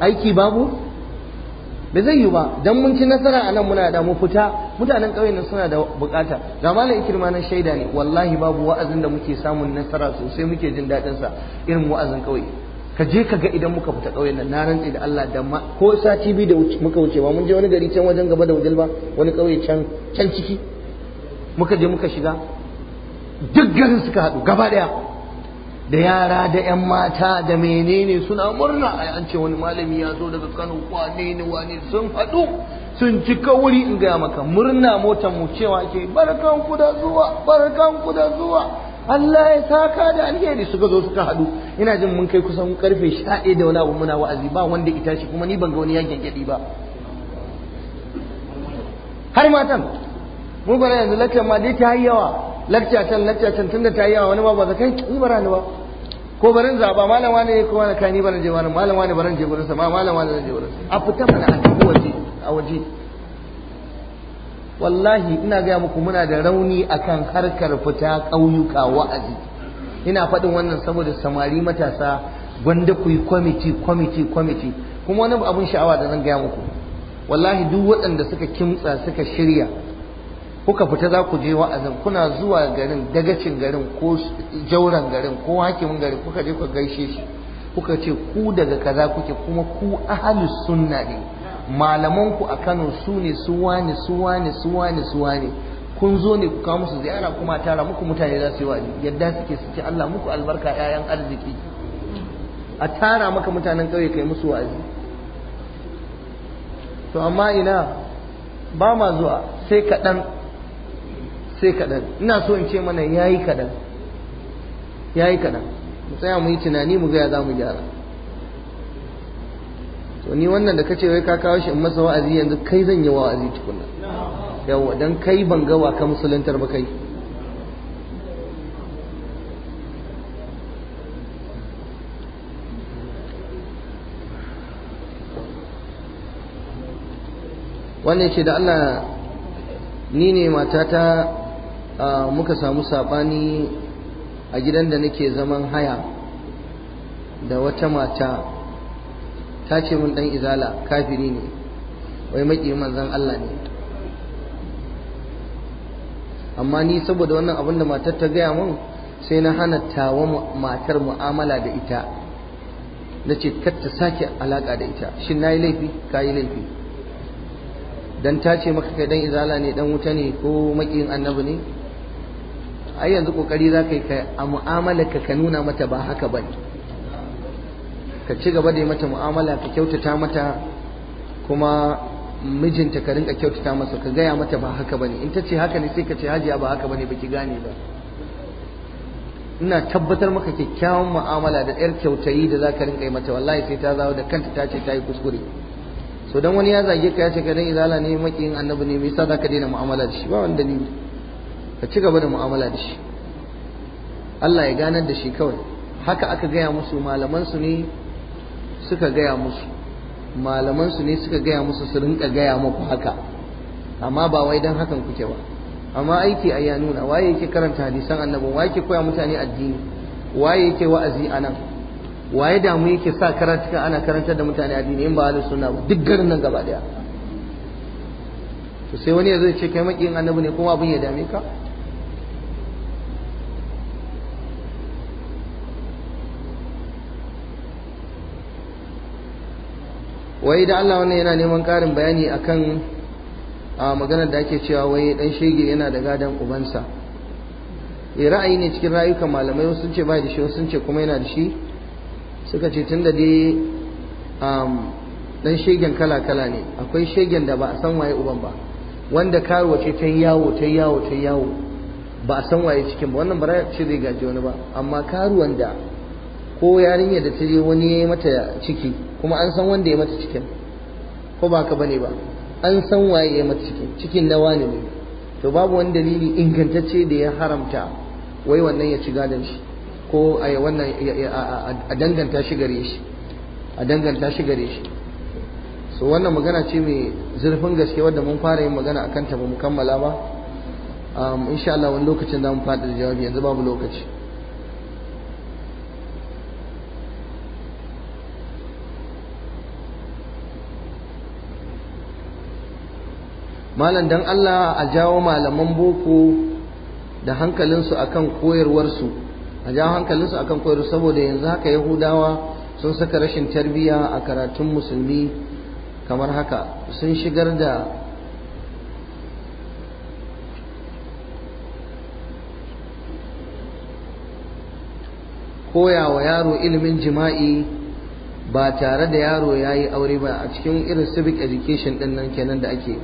aiki babu ba zai yi ba don mun ci nasara a nan muna da mu fita mutanen ƙauyen nan suna da bukata ga malam ikirma nan shaida ne wallahi babu wa'azin da muke samun nasara sosai muke jin daɗin sa irin wa'azin ƙauye ka je ka ga idan muka fita ƙauyen nan na rantsi da Allah da ma ko sati biyu da muka wuce ba mun je wani gari can wajen gaba da wajen ba wani ƙauye can ciki muka je muka shiga duk garin suka haɗu gaba ɗaya da yara da 'yan mata da menene suna murna a an ce wani malami ya zo daga kano wane ne wane sun haɗu sun cika wuri in gaya maka murna motar mu cewa ke barkan ku da zuwa barkan ku da zuwa Allah ya saka da alheri suka zo suka haɗu ina jin mun kai kusan karfe sha da wani abu muna wa'azi ba wanda ita shi kuma ni ban ga wani yankin gyaɗi ba har matan mu bara yanzu lakcin ma dai ta yi yawa lakcin can lakcin can tunda ta yi yawa wani ma ba zakai ni bara ni ba ko barin zaba malam wani ko wani kai ni barin je wani malam wani barin je gurin sa ma malam wani je gurin sa a fita mana a cikin waje a waje wallahi ina gaya muku muna da rauni akan harkar fita ƙauyuka wa'azi ina faɗin wannan saboda samari matasa gwanda ku yi kwamiti kwamiti kwamiti kuma wani abun sha'awa da zan gaya muku wallahi duk waɗanda suka kimtsa suka shirya kuka fita za ku je wa'azin kuna zuwa garin dagacin garin ko jauren garin ko hakimin garin kuka je ku gaishe shi kuka ce ku daga kaza kuke kuma ku ahalus sunna ne malaman ku a Kano su ne su wani su wani su wani su wani kun zo ne ku kawo musu ziyara kuma tara muku mutane za su yi wani yadda suke su Allah muku albarka 'ya'yan arziki a tara maka mutanen ƙauye kai musu wa'azi to amma ina ba ma zuwa sai kaɗan sai kaɗan ina so in ce mana ya yi kaɗan ya mu tsaya mu yi tunani mu gaya za mu gyara to ni wannan da kace wai ka kawo shi in masa wa'azi yanzu kai zan yi wa'azi tukunna yawa dan kai ban ga waka ka musuluntar ba kai wannan ce da Allah ni ne matata muka samu saɓani a gidan da nake zaman haya da wata mata ta ce mun dan izala kafiri ne wai maƙi manzan Allah ne amma ni saboda wannan abin da matar ta gaya mun sai na hana tawa matar mu'amala da ita na ce kar ta sake alaƙa da ita shin na yi laifi ka yi laifi dan ta ce maka kai dan izala ne dan wuta ne ko maƙiyin annabi ne ai yanzu kokari za ka yi ka a mu'amala ka nuna mata ba haka ba ka ci gaba da yi mata mu'amala ka kyautata mata kuma mijinta ka rinka kyautata masa ka gaya mata ba haka bane in ta ce haka ne sai ka ce hajiya ba haka bane baki gane ba ina tabbatar maka kyakkyawan mu'amala da yar kyautayi da zaka rinka yi mata wallahi sai ta zawo da kanta ta ce ta yi kuskure so dan wani ya zage ka ya ce ka dan izala ne makiyin annabi ne me yasa zaka daina mu'amala da shi ba wani dalili ka ci gaba da mu'amala da shi Allah ya ganar da shi kawai haka aka gaya musu malaman su ne suka gaya musu malaman su ne suka gaya musu su rinka gaya muku haka amma ba wai dan hakan kuke ba amma aiki a ya nuna waye yake karanta hadisan annabi waye yake koya mutane addini waye yake wa'azi anan waye damu yake sa karatuka ana karantar da mutane addini in ba ahlus sunna ba duk garin nan gaba daya to sai wani ya zai ce kai makiyin annabi ne kuma abin ya dame ka wai da Allah wannan yana neman ƙarin bayani akan a maganar da ake cewa wai dan shege yana da gadan ubansa eh ra'ayi ne cikin rayukan malamai wasu sun ce bai da shi wasu sun ce kuma yana da shi suka ce tunda dai um, dan shegen kala kala ne akwai shegen da ba a san waye uban ba wanda karuwa ce ta yawo ta yawo ta yawo ba a san waye cikin ba wannan ba ce zai gaji wani ba amma karuwan da ko yarinya da ta je wani ya yi mata ciki kuma an san wanda ya mata cikin ko ba ka bane ba an san waye ya mata cikin cikin na wani ne to babu wani dalili ingantacce da ya haramta wai wannan ya ci gadon shi ko a wannan a danganta shi gare shi a danganta shi gare shi so wannan magana ce mai zurfin gaske wadda mun fara yin magana akan ta ba mu kammala ba um, insha Allah wani lokacin za mu faɗi jawabi yanzu babu lokaci malam dan Allah a jawo malaman boko da hankalinsu akan koyarwarsu a jawo hankalinsu akan koyarwarsu, saboda yanzu haka yahudawa sun saka rashin tarbiya a karatun musulmi kamar haka sun shigar da koya wa yaro ilimin jima'i ba tare da yaro ya yi aure ba a cikin irin civic education ɗin nan kenan da ake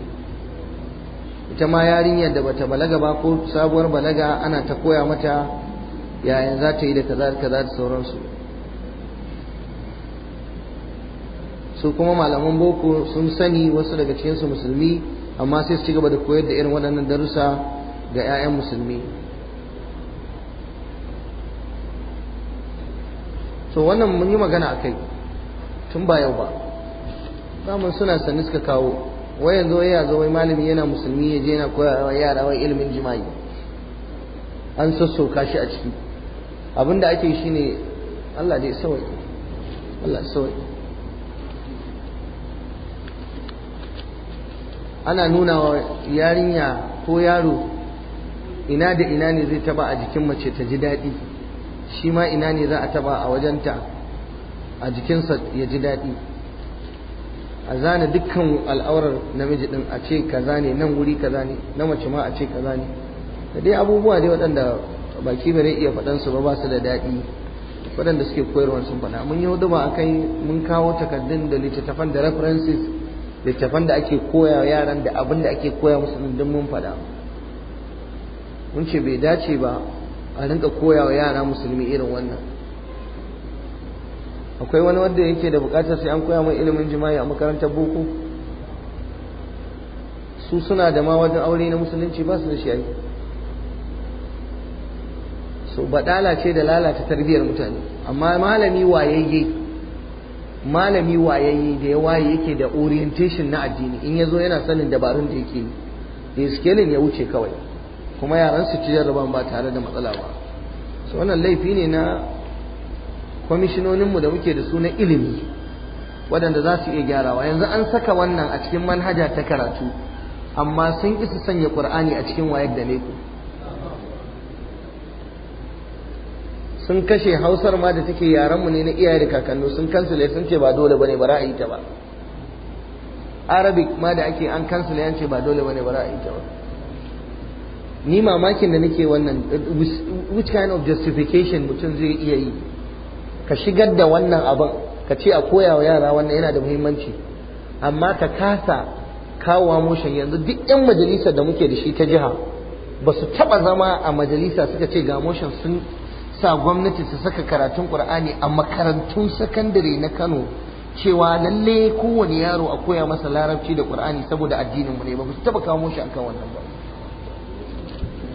ita ma yarinyar da bata balaga ba ko sabuwar balaga ana ta koya mata yayin za ta yi da kaza kaza da sauransu su kuma malaman boko sun sani wasu daga cikinsu musulmi amma sai su ci gaba da koyar da irin waɗannan darussa ga 'ya'yan musulmi so wannan mun yi magana a kai tun ba yau ba samun suna sani suka kawo wai yanzu wai ya zo wai malami yana musulmi ya je yana koya yara wai ilimin jima'i an sassauka shi a ciki abin da ake shi ne Allah dai sawai Allah sawai ana nuna wa yarinya ko yaro ina da ina ne zai taba a jikin mace ta ji daɗi shi ma ina ne za a taba a wajenta a jikinsa ya ji daɗi a zana dukkan al'aurar namiji din a ce kaza ne nan wuri kaza ne na mace ma a ce kaza ne da dai abubuwa dai waɗanda baki bare iya faɗan su ba ba su da daɗi waɗanda suke koyarwa sun faɗa mun yi a akai mun kawo takardun da littattafan da references littattafan da ake koya yaran da abin da ake koya musu din mun faɗa mun ce bai dace ba a rinka koya wa yara musulmi irin wannan akwai wani wanda yake da bukatar sai an koya mai ilimin jima'i a makarantar boko su suna da ma wajen aure na musulunci ba su da shi so badala ce da lalata tarbiyyar mutane amma malami wayayye malami wayayye da ya waye yake da orientation na addini in ya zo yana sanin dabarun da yake da scaling ya wuce kawai kuma yaran su ci jarraban ba tare da matsala ba so wannan laifi ne na kwamishinoninmu da muke da su na ilimi waɗanda za su iya gyarawa yanzu an saka wannan a cikin manhaja ta karatu amma sun isa sanya ƙur'ani a cikin wayar da neku sun kashe hausar ma da take yarenmu ne na iyaye da kakannu sun kansile sun ce ba dole bane ba ra'ayi ta ba arabic ma da ake an kansile an ce ba dole bane ba ra'ayi ta ba ni mamakin da nake wannan which kind of justification mutum zai iya yi ka shigar da wannan abin ka ce a koya wa yara wannan yana da muhimmanci amma ka kasa kawo motion yanzu duk yan majalisar da muke da shi ta jiha ba su taba zama a majalisa suka ce ga motion sun sa gwamnati su saka karatun qur'ani a makarantun sakandare na Kano cewa lalle kowane yaro a koya masa larabci da qur'ani saboda addinin mu ne ba su taba kawo motion akan wannan ba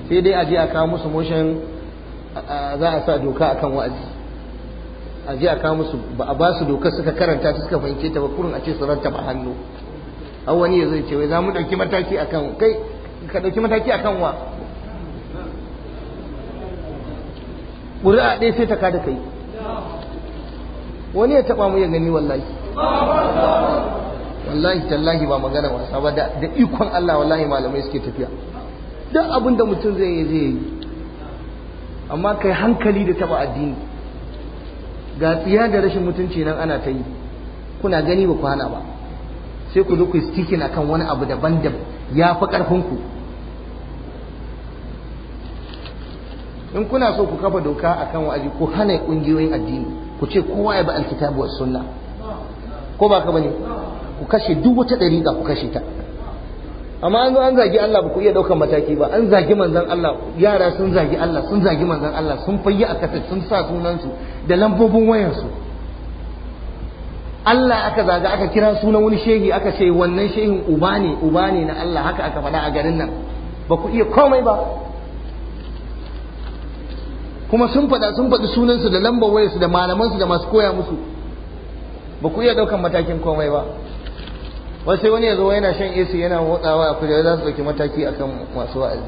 sai dai a je a kawo musu motion za a sa doka akan wa'azi a ji a kawo musu ba a ba su dokar suka karanta su suka fahimce ta ba kurin a ce su ranta ba hannu har wani ya zai ce wai za mu ɗauki mataki a kan kai ka ɗauki mataki a kan wa ƙuri'a ɗaya sai ta kada kai wani ya taɓa mu ya gani wallahi wallahi tallahi ba magana wasa ba da ikon Allah wallahi malamai suke tafiya duk abin da mutum zai yi zai yi amma kai hankali da taɓa addini ga tsiya da rashin mutunci nan ana ta yi kuna gani ba kwana ba sai ku zo ku stikin akan wani abu daban da ya fi ku in kuna so ku kafa doka akan wa'azi ku hana ƙungiyoyin addini ku ce kowa ya bi alkitabu sunna ko ba ka bane ku kashe duk wata dariƙa ku kashe ta amma an zo an zagi Allah ba ku iya ɗaukan mataki ba an zagi manzon Allah yara sun zagi Allah sun zagi manzon Allah sun fayyi a kasar sun sa sunansu da lambobin wayarsu Allah aka zaga aka kira sunan wani shehi aka ce wannan shehin uba ne uba ne na Allah haka aka faɗa a garin nan ba ku iya komai ba kuma sun faɗa sun faɗi sunansu da lambar wayarsu da malamansu da masu koya musu ba ku iya ɗaukan matakin komai ba wasu wani ya zo yana shan AC yana motsawa a kujera za su dauki mataki akan masu wa'azi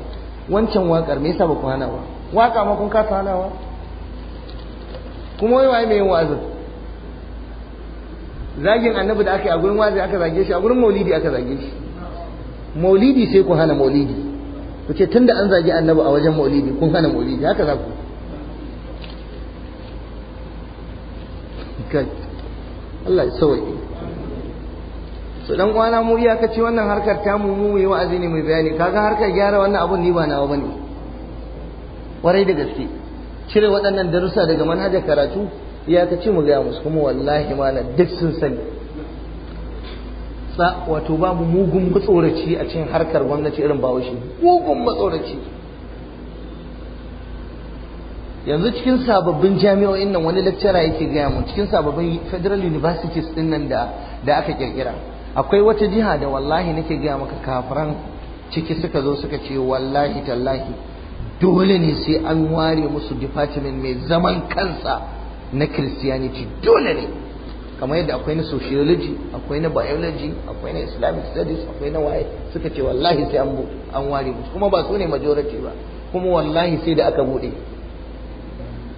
wancan wakar me yasa ba ku hana ba waka ma kun kasa hanawa kuma wai waye mai yin wa'azin zagin annabi da aka yi a gurin wa'azi aka zage shi a gurin maulidi aka zage shi maulidi sai ku hana maulidi ku ce tunda an zage annabi a wajen maulidi kun hana maulidi haka za ku Allah ya sauke Su dan kwana mu iyakaci wannan harkar ta mu mai wa'azi ne mai bayani kaga harkar gyara wannan abun ni ba nawa bane warai da gaske cire waɗannan darussa daga manhajar karatu iyakaci mu gaya musu kuma wallahi na duk sun sani sa wato babu mugun matsoraci a cikin harkar gwamnati irin bawashi mugun matsoraci yanzu cikin sababbin jami'o'in nan wani lecturer yake gaya mu cikin sababbin federal universities din nan da da aka kirkira akwai wata jiha da wallahi nake gaya maka kafiran ciki suka zo suka ce wallahi tallahi dole ne sai an ware musu department mai zaman kansa na christianity dole ne kamar yadda akwai na sociology akwai na biology akwai na islamic studies akwai na waye suka ce wallahi sai an ware musu kuma ba su ne majority ba kuma wallahi sai da aka bude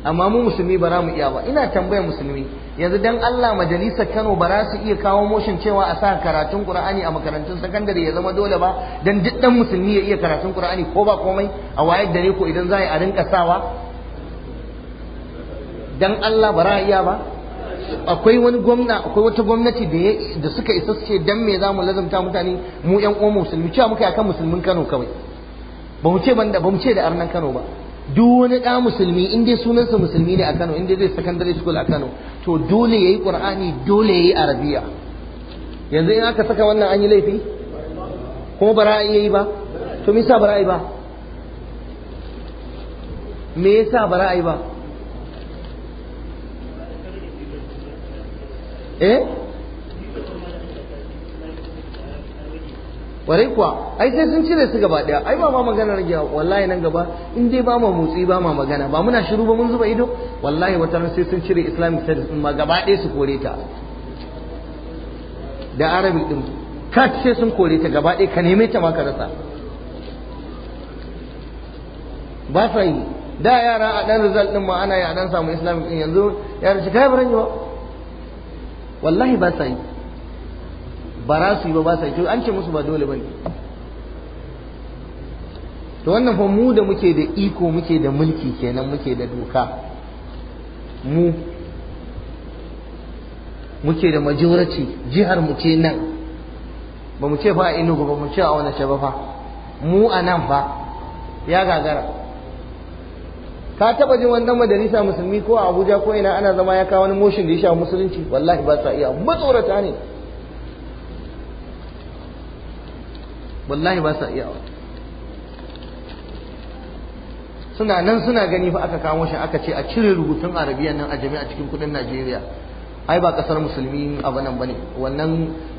amma mu musulmi ba za mu iya ba ina tambayar musulmi yanzu dan Allah majalisar Kano ba za su iya kawo motion cewa a sa karatun Qur'ani a makarantun sakandare ya zama dole ba dan duk dan musulmi ya iya karatun Qur'ani ko ba komai a wayar dare ko idan za a rinka sawa dan Allah ba za iya ba akwai wani gwamna akwai wata gwamnati da da suka isa su ce dan me za mu lazumta mutane mu yan uwan musulmi cewa muka akan musulmin Kano kawai ba mu ce ban da ba mu ce da arnan Kano ba duk wani ɗa musulmi in dai sunansa musulmi ne a Kano in dai zai secondary school a Kano to dole ya yi Qur'ani dole ya yi Arabiya yanzu in aka saka wannan an yi laifi kuma bara a yi ba to me yasa bara ba me yasa bara ba eh kwarai kuwa ai sai sun cire su gaba daya ai ba ma magana rage wallahi nan gaba in dai ba ma motsi ba ma magana ba muna shiru ba mun zuba ido wallahi wata ran sai sun cire islamic studies din ma gaba daya su kore ta da arabi din kat sai sun kore ta gaba daya ka neme ta ma ka rasa ba sa yi da yara a dan result din ma ana yi a dan samu islamic din yanzu yara shi kai ba ba wallahi ba sa yi ba za su yi ba ba sa to an ce musu ba dole bane to wannan fa mu da muke da iko muke da mulki kenan muke da doka mu muke da majoraci jihar mu ce nan ba mu ce fa a inugu ba mu ce a wani ce ba fa mu a nan fa ya gagara ka taba jin wannan majalisa musulmi ko a abuja ko ina ana zama ya kawo wani motion da ya sha musulunci wallahi ba sa iya matsorata ne wallahi ba sa iya iyawa suna nan suna gani fa aka kawo shi aka ce a cire rubutun arabiya nan a jami'a cikin kudin najeriya ai ba kasar musulmi abu nan bane wannan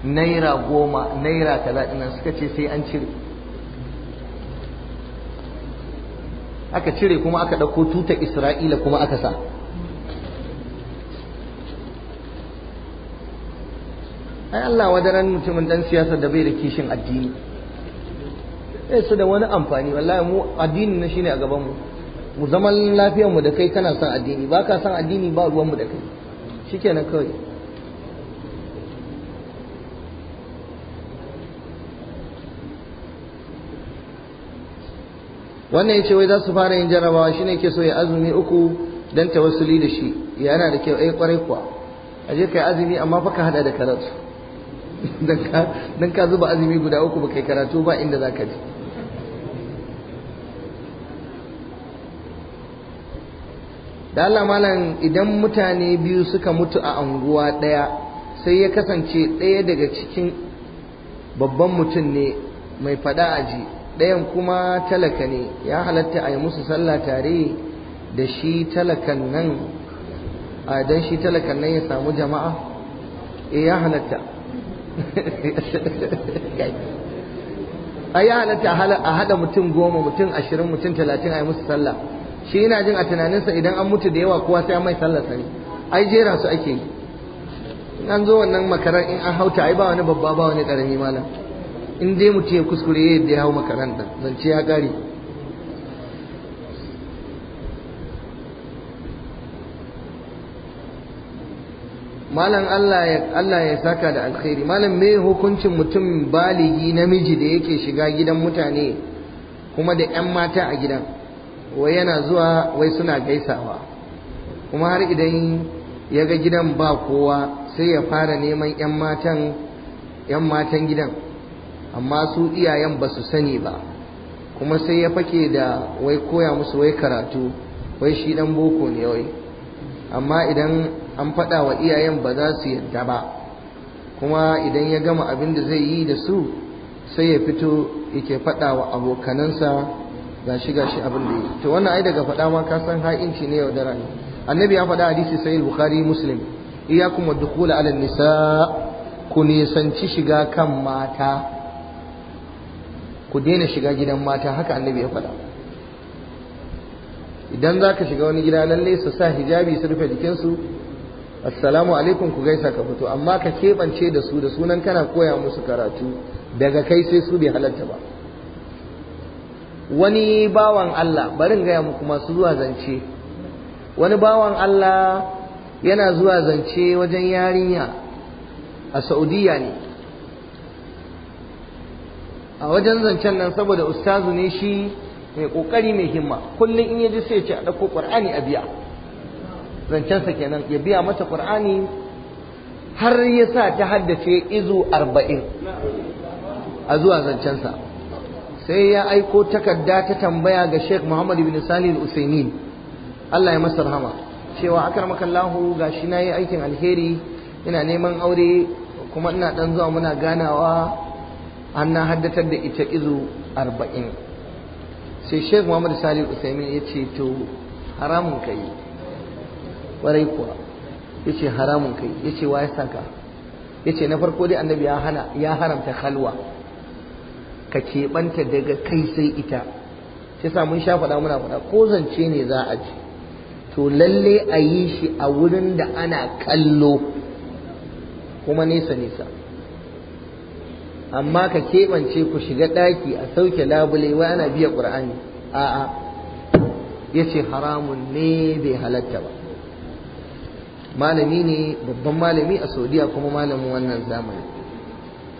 naira goma naira kaza dinnan suka ce sai an cire aka cire kuma aka ɗauko tuta isra'ila kuma aka sa ai Allah wadaran mutumin dan siyasa da bai da kishin addini sai su da wani amfani wallahi mu addini na shine a gaban mu mu zaman lafiyar mu da kai kana son addini ba ka son addini ba ruwan mu da kai shikenan kawai wannan yace wai za su fara yin jarabawa shine ke so ya azumi uku dan tawassuli da shi yana da kyau ai eh, kwarai kuwa aje kai azumi amma fa ka hada da karatu dan ka zuba azumi guda uku ba kai karatu ba inda zaka ji da Allah malam idan mutane biyu suka mutu a anguwa ɗaya sai ya kasance ɗaya daga cikin babban mutum ne mai faɗa aji ɗayan kuma talaka ne ya halatta a yi musu sallah tare da shi talakan nan a don shi talakan nan ya samu jama'a e ya halatta a ya halatta a haɗa mutum goma mutum ashirin mutum talatin a yi musu sallah shi ina jin a tunaninsa idan an mutu da yawa kowa sai an mai sallarsa ne. ai jera su ake yi in an zo wannan makaran in an hauta ai ba wani babba ba wani karami malam in dai mutu ya kuskure ya yadda ya hau makaranta, da zance ya kare malam Allah ya saka da alkhairi malam me hukuncin mutum baligi namiji da yake shiga gidan mutane kuma da 'yan mata a gidan wai yana zuwa wai suna gaisawa kuma har idan ya ga gidan ba kowa sai ya fara neman 'yan matan 'yan matan gidan amma su iyayen ba su sani ba kuma sai ya fake da wai koya musu wai karatu wai shi dan boko ne wai amma idan an faɗa wa iyayen ba za su yadda ba kuma idan ya gama abin da zai yi da su sai ya fito yake faɗa wa abokanansa gashi gashi abin da yi to wannan ai daga faɗa ma ka san ha'inci ne yaudara ne annabi ya faɗa hadisi sahih bukhari muslim iyakum wadkhul ala nisa ku nisanci shiga kan mata ku daina shiga gidan mata haka annabi ya faɗa idan za ka shiga wani gida lalle su sa hijabi su rufe jikinsu assalamu alaikum ku gaisa ka fito amma ka keɓance da su da sunan kana koya musu karatu daga kai sai su bai halatta ba wani bawan Allah barin gaya muku masu zuwa zance wani bawan Allah yana zuwa zance wajen yarinya a Saudiya ne a wajen zancen nan saboda ustazu ne shi mai kokari mai himma kullum in yaji sai ce a ɗauko ƙur'ani a biya zancensa kenan ya biya mata ƙur'ani har ya sa ta haddace izu arba'in a zuwa zancensa sai ya aiko takarda ta tambaya ga Sheikh Muhammad bin Salih al-Usaimin Allah ya masa rahama cewa shi gashi nayi aikin alheri ina neman aure kuma ina dan zuwa muna ganawa an na haddatar da ita izu 40 sai Sheikh Muhammad Salih al-Usaimin ya ce to haramun kai warai kuwa ya ce haramun kai ya ce wa ya saka ya ce na farko dai annabi ya hana ya haramta halwa ka keɓanta daga kai sai ita shi sa mun sha faɗa muna faɗa ko zance ne za a ci, to lalle a yi shi a wurin da ana kallo kuma nesa nesa amma ka keɓance ku shiga ɗaki a sauke labule wai ana biya ƙur'ani a'a ya ce haramun ne bai halatta ba malami ne babban malami a saudiya kuma malamin wannan zamani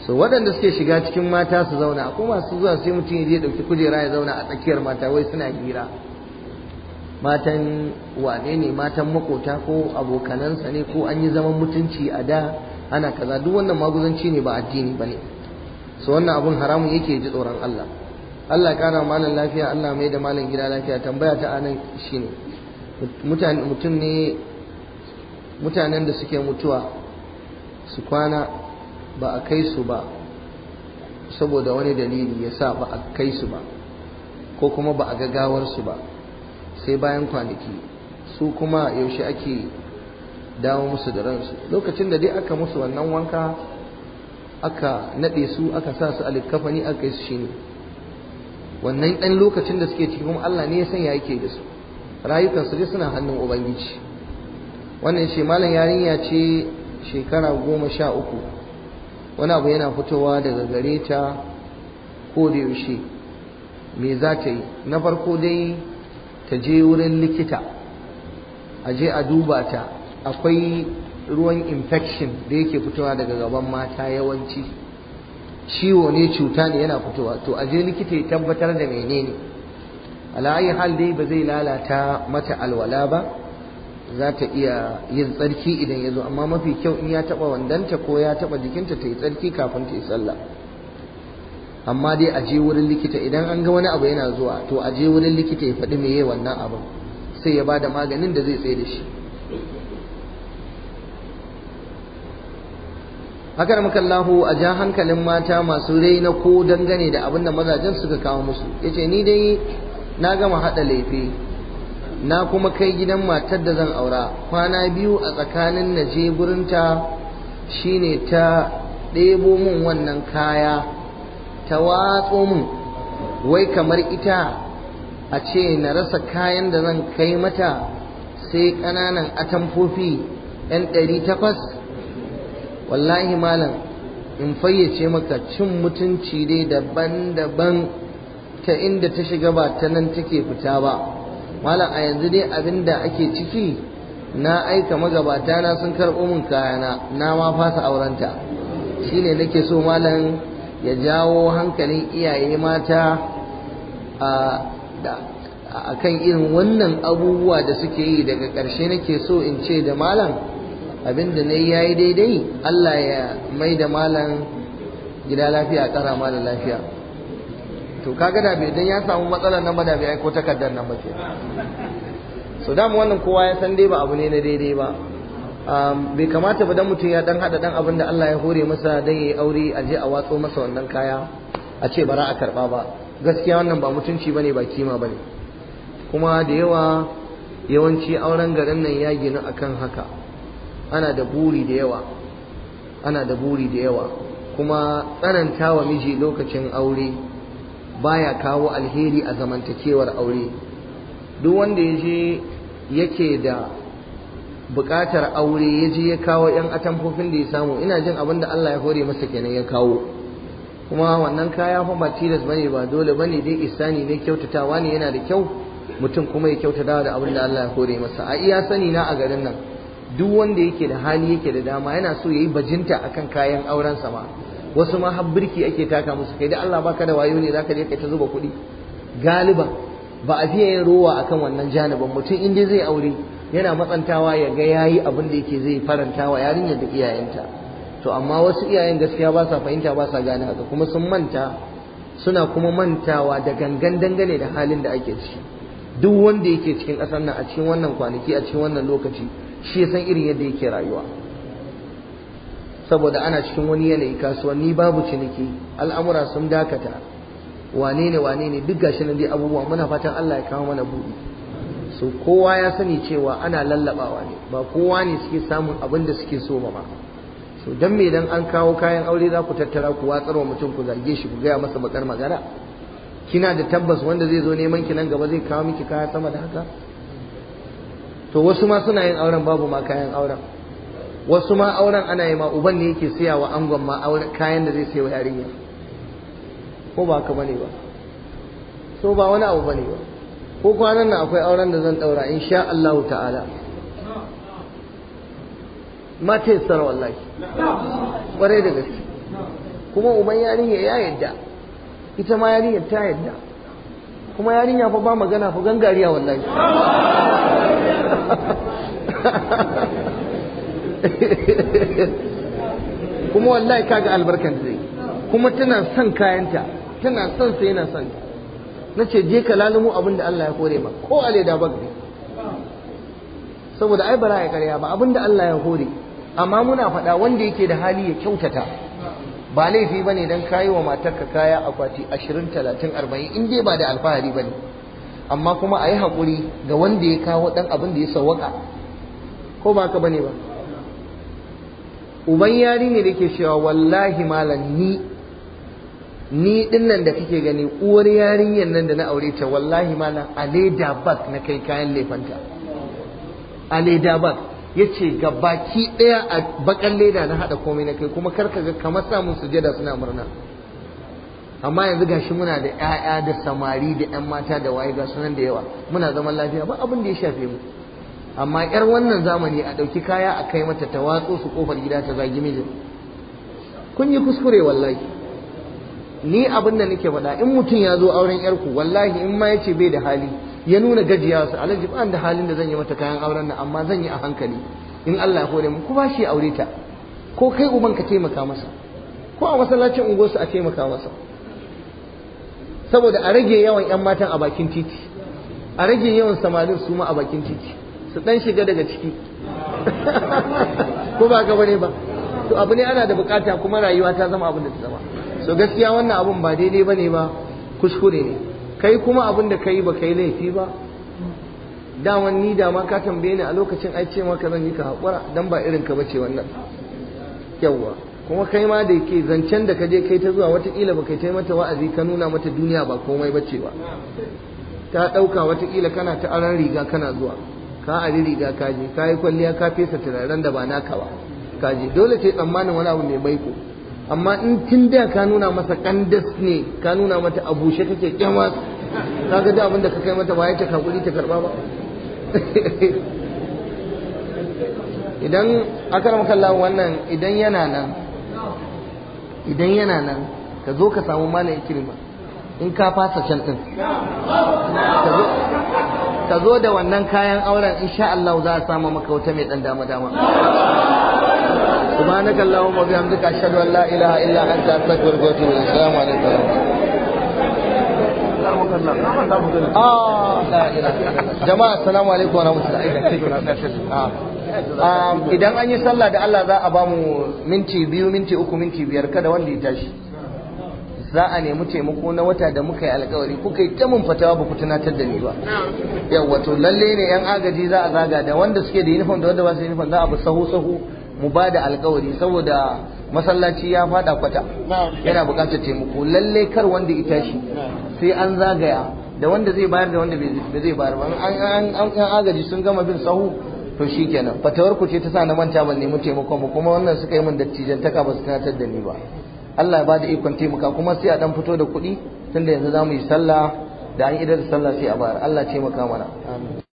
so waɗanda suke shiga cikin mata su zauna ko masu zuwa sai mutum ya ɗauki kujera ya zauna a tsakiyar mata wai suna hira matan wane ne matan makota ko abokanansa ne ko an yi zaman mutunci a da ana kaza duk wannan maguzanci ne ba addini ba ne so wannan abun haramun yake ji tsoron Allah Allah ya kara malam lafiya Allah mai da malam gida lafiya tambaya ta anan shine mutane mutum ne mutanen da suke mutuwa su kwana ba a kai su ba saboda wani dalili ya sa ba a kai su ba ko kuma ba a su ba sai bayan kwanaki su kuma yaushe ake dawo musu da ransu lokacin da dai aka musu wannan wanka aka naɗe su aka sa su a aka kai su shine wannan ɗan lokacin da suke ciki kuma Allah ne ya sanya yake da su rayukansu dai suna hannun ubangiji wannan shi malam yarinya ce shekara goma sha uku wani abu yana fitowa daga gare ta ko da yaushe me za ta yi na farko dai ta je wurin likita a je a duba ta akwai ruwan infection da yake fitowa daga gaban mata yawanci ciwo ne cuta ne yana fitowa to a je likita ya tabbatar da menene ala'ayi hal dai ba zai lalata mata alwala ba za ta iya yin tsarki idan ya zo amma mafi kyau in ya taɓa wandanta ko ya taɓa jikinta ta yi tsarki kafin ta yi sallah amma dai a je wurin likita idan an ga wani abu yana zuwa to a je wurin likita ya faɗi meye wannan abin sai ya bada maganin da zai tsaye da shi haka da makallahu a ja hankalin mata masu raina ko dangane da abin da mazajen suka kawo musu yace ni dai na gama haɗa laifi na kuma kai gidan matar da zan aura kwana biyu a tsakanin na je gurinta shine ta ɗebo mun wannan kaya ta watso mun wai kamar ita a ce na rasa kayan da zan kai mata sai ƙananan atamfofi 'yan ɗari takwas wallahi malam in fayyace maka cin mutunci dai daban-daban ta inda ta shiga ba ta nan take fita ba malam a yanzu dai abin da ake ciki na aika magabata na sun karɓo min kayana na ma fasa aurenta shine nake so malam ya jawo hankalin iyaye mata a kan irin wannan abubuwa da suke yi daga ƙarshe nake so in ce da malam abin da na yi daidai Allah ya mai da malam gida lafiya ƙara malam lafiya to kaga da bai dan ya samu matsalar nan ba da bai takardar nan ba ke so da wannan kowa ya san dai ba abu ne na daidai ba um, bai kamata ba dan mutum ya dan hada dan abin da Allah ya hore masa ya yi aure a je a watso masa wannan kaya a ce bara a karba ba gaskiya wannan ba mutunci bane ba kima bane kuma da yawa yawanci auren garin nan ya gina akan haka ana da buri da yawa ana da buri da yawa kuma tsananta wa miji lokacin aure baya kawo alheri a zamantakewar aure duk wanda ya je yake da bukatar aure ya je ya kawo 'yan atamfofin da ya samu ina jin abin da Allah ya hore masa kenan ya kawo kuma wannan kaya fa ba tilas bane ba dole bane dai isani ne kyautatawa ne yana da kyau mutum kuma ya kyautata da abin da Allah ya hore masa a iya sani na a garin nan duk wanda yake da hali yake da dama yana so yayi bajinta akan kayan auren sa ma wasu ma har birki ake taka musu kai da Allah baka da wayo ne zaka je kai ta zuba kuɗi galiba ba a fiye yin ruwa akan wannan janibin mutum in dai zai aure yana matsantawa ya ga yayi abin da yake zai faranta wa yarinyar da iyayenta to amma wasu iyayen gaskiya ba sa fahimta ba sa gane haka kuma sun manta suna kuma mantawa da gangan dangane da halin da ake ciki duk wanda yake cikin ƙasar nan a cikin wannan kwanaki a cikin wannan lokaci shi ya san irin yadda yake rayuwa saboda ana cikin wani yanayi kasuwanni babu ciniki al'amura sun dakata wane ne wane ne duk gashi nan dai abubuwa muna fatan Allah ya kawo mana buɗi so kowa ya sani cewa ana lallabawa ne ba kowa ne suke samun abin da suke so ba so dan me dan an kawo kayan aure za ku tattara ku watsarwa mutum ku zage shi ku gaya masa bakar magana kina da tabbas wanda zai zo neman ki nan gaba zai kawo miki kaya sama da haka to wasu ma suna yin auren babu ma kayan auren wasu ma auren ana yi ma uban ne yake siya wa angon ma auren kayan da zai sai wa yarinya ko ba ka bane ba so ba wani abu bane ba ko kwanan nan akwai auren da zan daura insha Allah ta'ala ma ta yassara wallahi kwarai da gaske kuma uban yarinya ya yadda ita ma yarinya ta yadda kuma yarinya fa ba magana fa gangariya wallahi kuma wallahi kaga albarkan zai kuma tana son kayanta tana son sai yana son na ce je ka lalumu abin da Allah ya kore ma ko a leda bag ne saboda ai bara ya karya ba abin da Allah ya kore amma muna faɗa wanda yake da hali ya kyautata ba laifi bane dan kayi wa matarka kaya akwati 20 30 40 in dai ba da alfahari bane amma kuma a yi haƙuri ga wanda ya kawo ɗan abin da ya sawaka ko ba ka bane ba uban yarinya da ke cewa wallahi malam ni ni dinnan da kake gani uwar yarinyar nan da na aure ta wallahi malam a bak na kai kayan lefanta a bak ya ce ga baki ɗaya a bakan leda na haɗa komai na kai kuma karka ga kamar samun sujada suna murna amma yanzu gashi muna da 'ya'ya da samari da 'yan mata da waye ga sunan da yawa muna zaman lafiya ba abin da ya shafe mu amma yar wannan zamani a ɗauki kaya a kai mata ta watso su kofar gida ta zagi mijin kun yi kuskure wallahi ni abin da nake faɗa in mutum ya zo auren yarku wallahi in ma yace bai da hali ya nuna gajiya su alaji ba da halin da zan yi mata kayan auren nan amma zan yi a hankali in Allah ya hore mu ku bashi aure ta ko kai uban ka taimaka masa ko a masallacin unguwarsu a taimaka masa saboda a rage yawan 'yan matan a bakin titi a rage yawan samarin su ma a bakin titi su dan shiga daga ciki ko ba gaba ne ba to abu ne ana da bukata kuma rayuwa ta zama abin da ta zama so gaskiya wannan abun ba daidai ba ne ba kuskure ne kai kuma abin da kai ba kai laifi ba daman ni da ma ka tambaye ni a lokacin ai ce maka zan yi ka haƙura dan ba irin ka bace wannan yawwa kuma kai ma da ke zancen da ka je kai ta zuwa watakila ba kai ta mata wa'azi ka nuna mata duniya ba komai bace ba ta ɗauka watakila kana ta aran riga kana zuwa ka ari riga ka je ka yi kwalliya ka fesa turaren da ba naka ba ka je dole ce tsammanin wani abu mai maiko amma in tun da ka nuna masa kandas ne ka nuna mata abushe bushe kake kyanwa ka ga abin da ka kai mata ba ya ta kakuri ta karba ba idan aka akaram kallon wannan idan yana nan idan yana nan ka zo ka samu malam ikirma in ka fasa can ɗin ka zo da wannan kayan auren in sha Allah za a samu maka wata mai dan dama dama سبحانك اللهم وبحمدك أشهد أن لا إله إلا أنت أستغفرك وأتوب إليك السلام عليكم jama'a assalamu alaikum wa rahmatullahi ah, idan an yi sallah da Allah za a bamu minti biyu minti uku minti biyar kada wanda ya tashi za a nemi taimako na wata da muka yi alkawari kuka yi ta mun fatawa ba ku tunatar da ni ba yau wato lalle ne yan agaji za a zaga da wanda suke da uniform da wanda ba su uniform za a bi sahu sahu mu ba da alkawari saboda masallaci ya fada kwata yana bukatar taimako lalle kar wanda ya tashi sai an zagaya da wanda zai bayar da wanda bai zai bayar ba an agaji sun gama bin sahu to shi kenan fatawar ku ce ta sa na manta ban nemi taimakon ba kuma wannan suka yi min dattijantaka ba su tunatar da ni ba Allah ya ba da ikon taimaka kuma sai a dan fito da kuɗi tunda yanzu za mu yi sallah da an idar da sallah sai a bayar Allah taimaka mana amin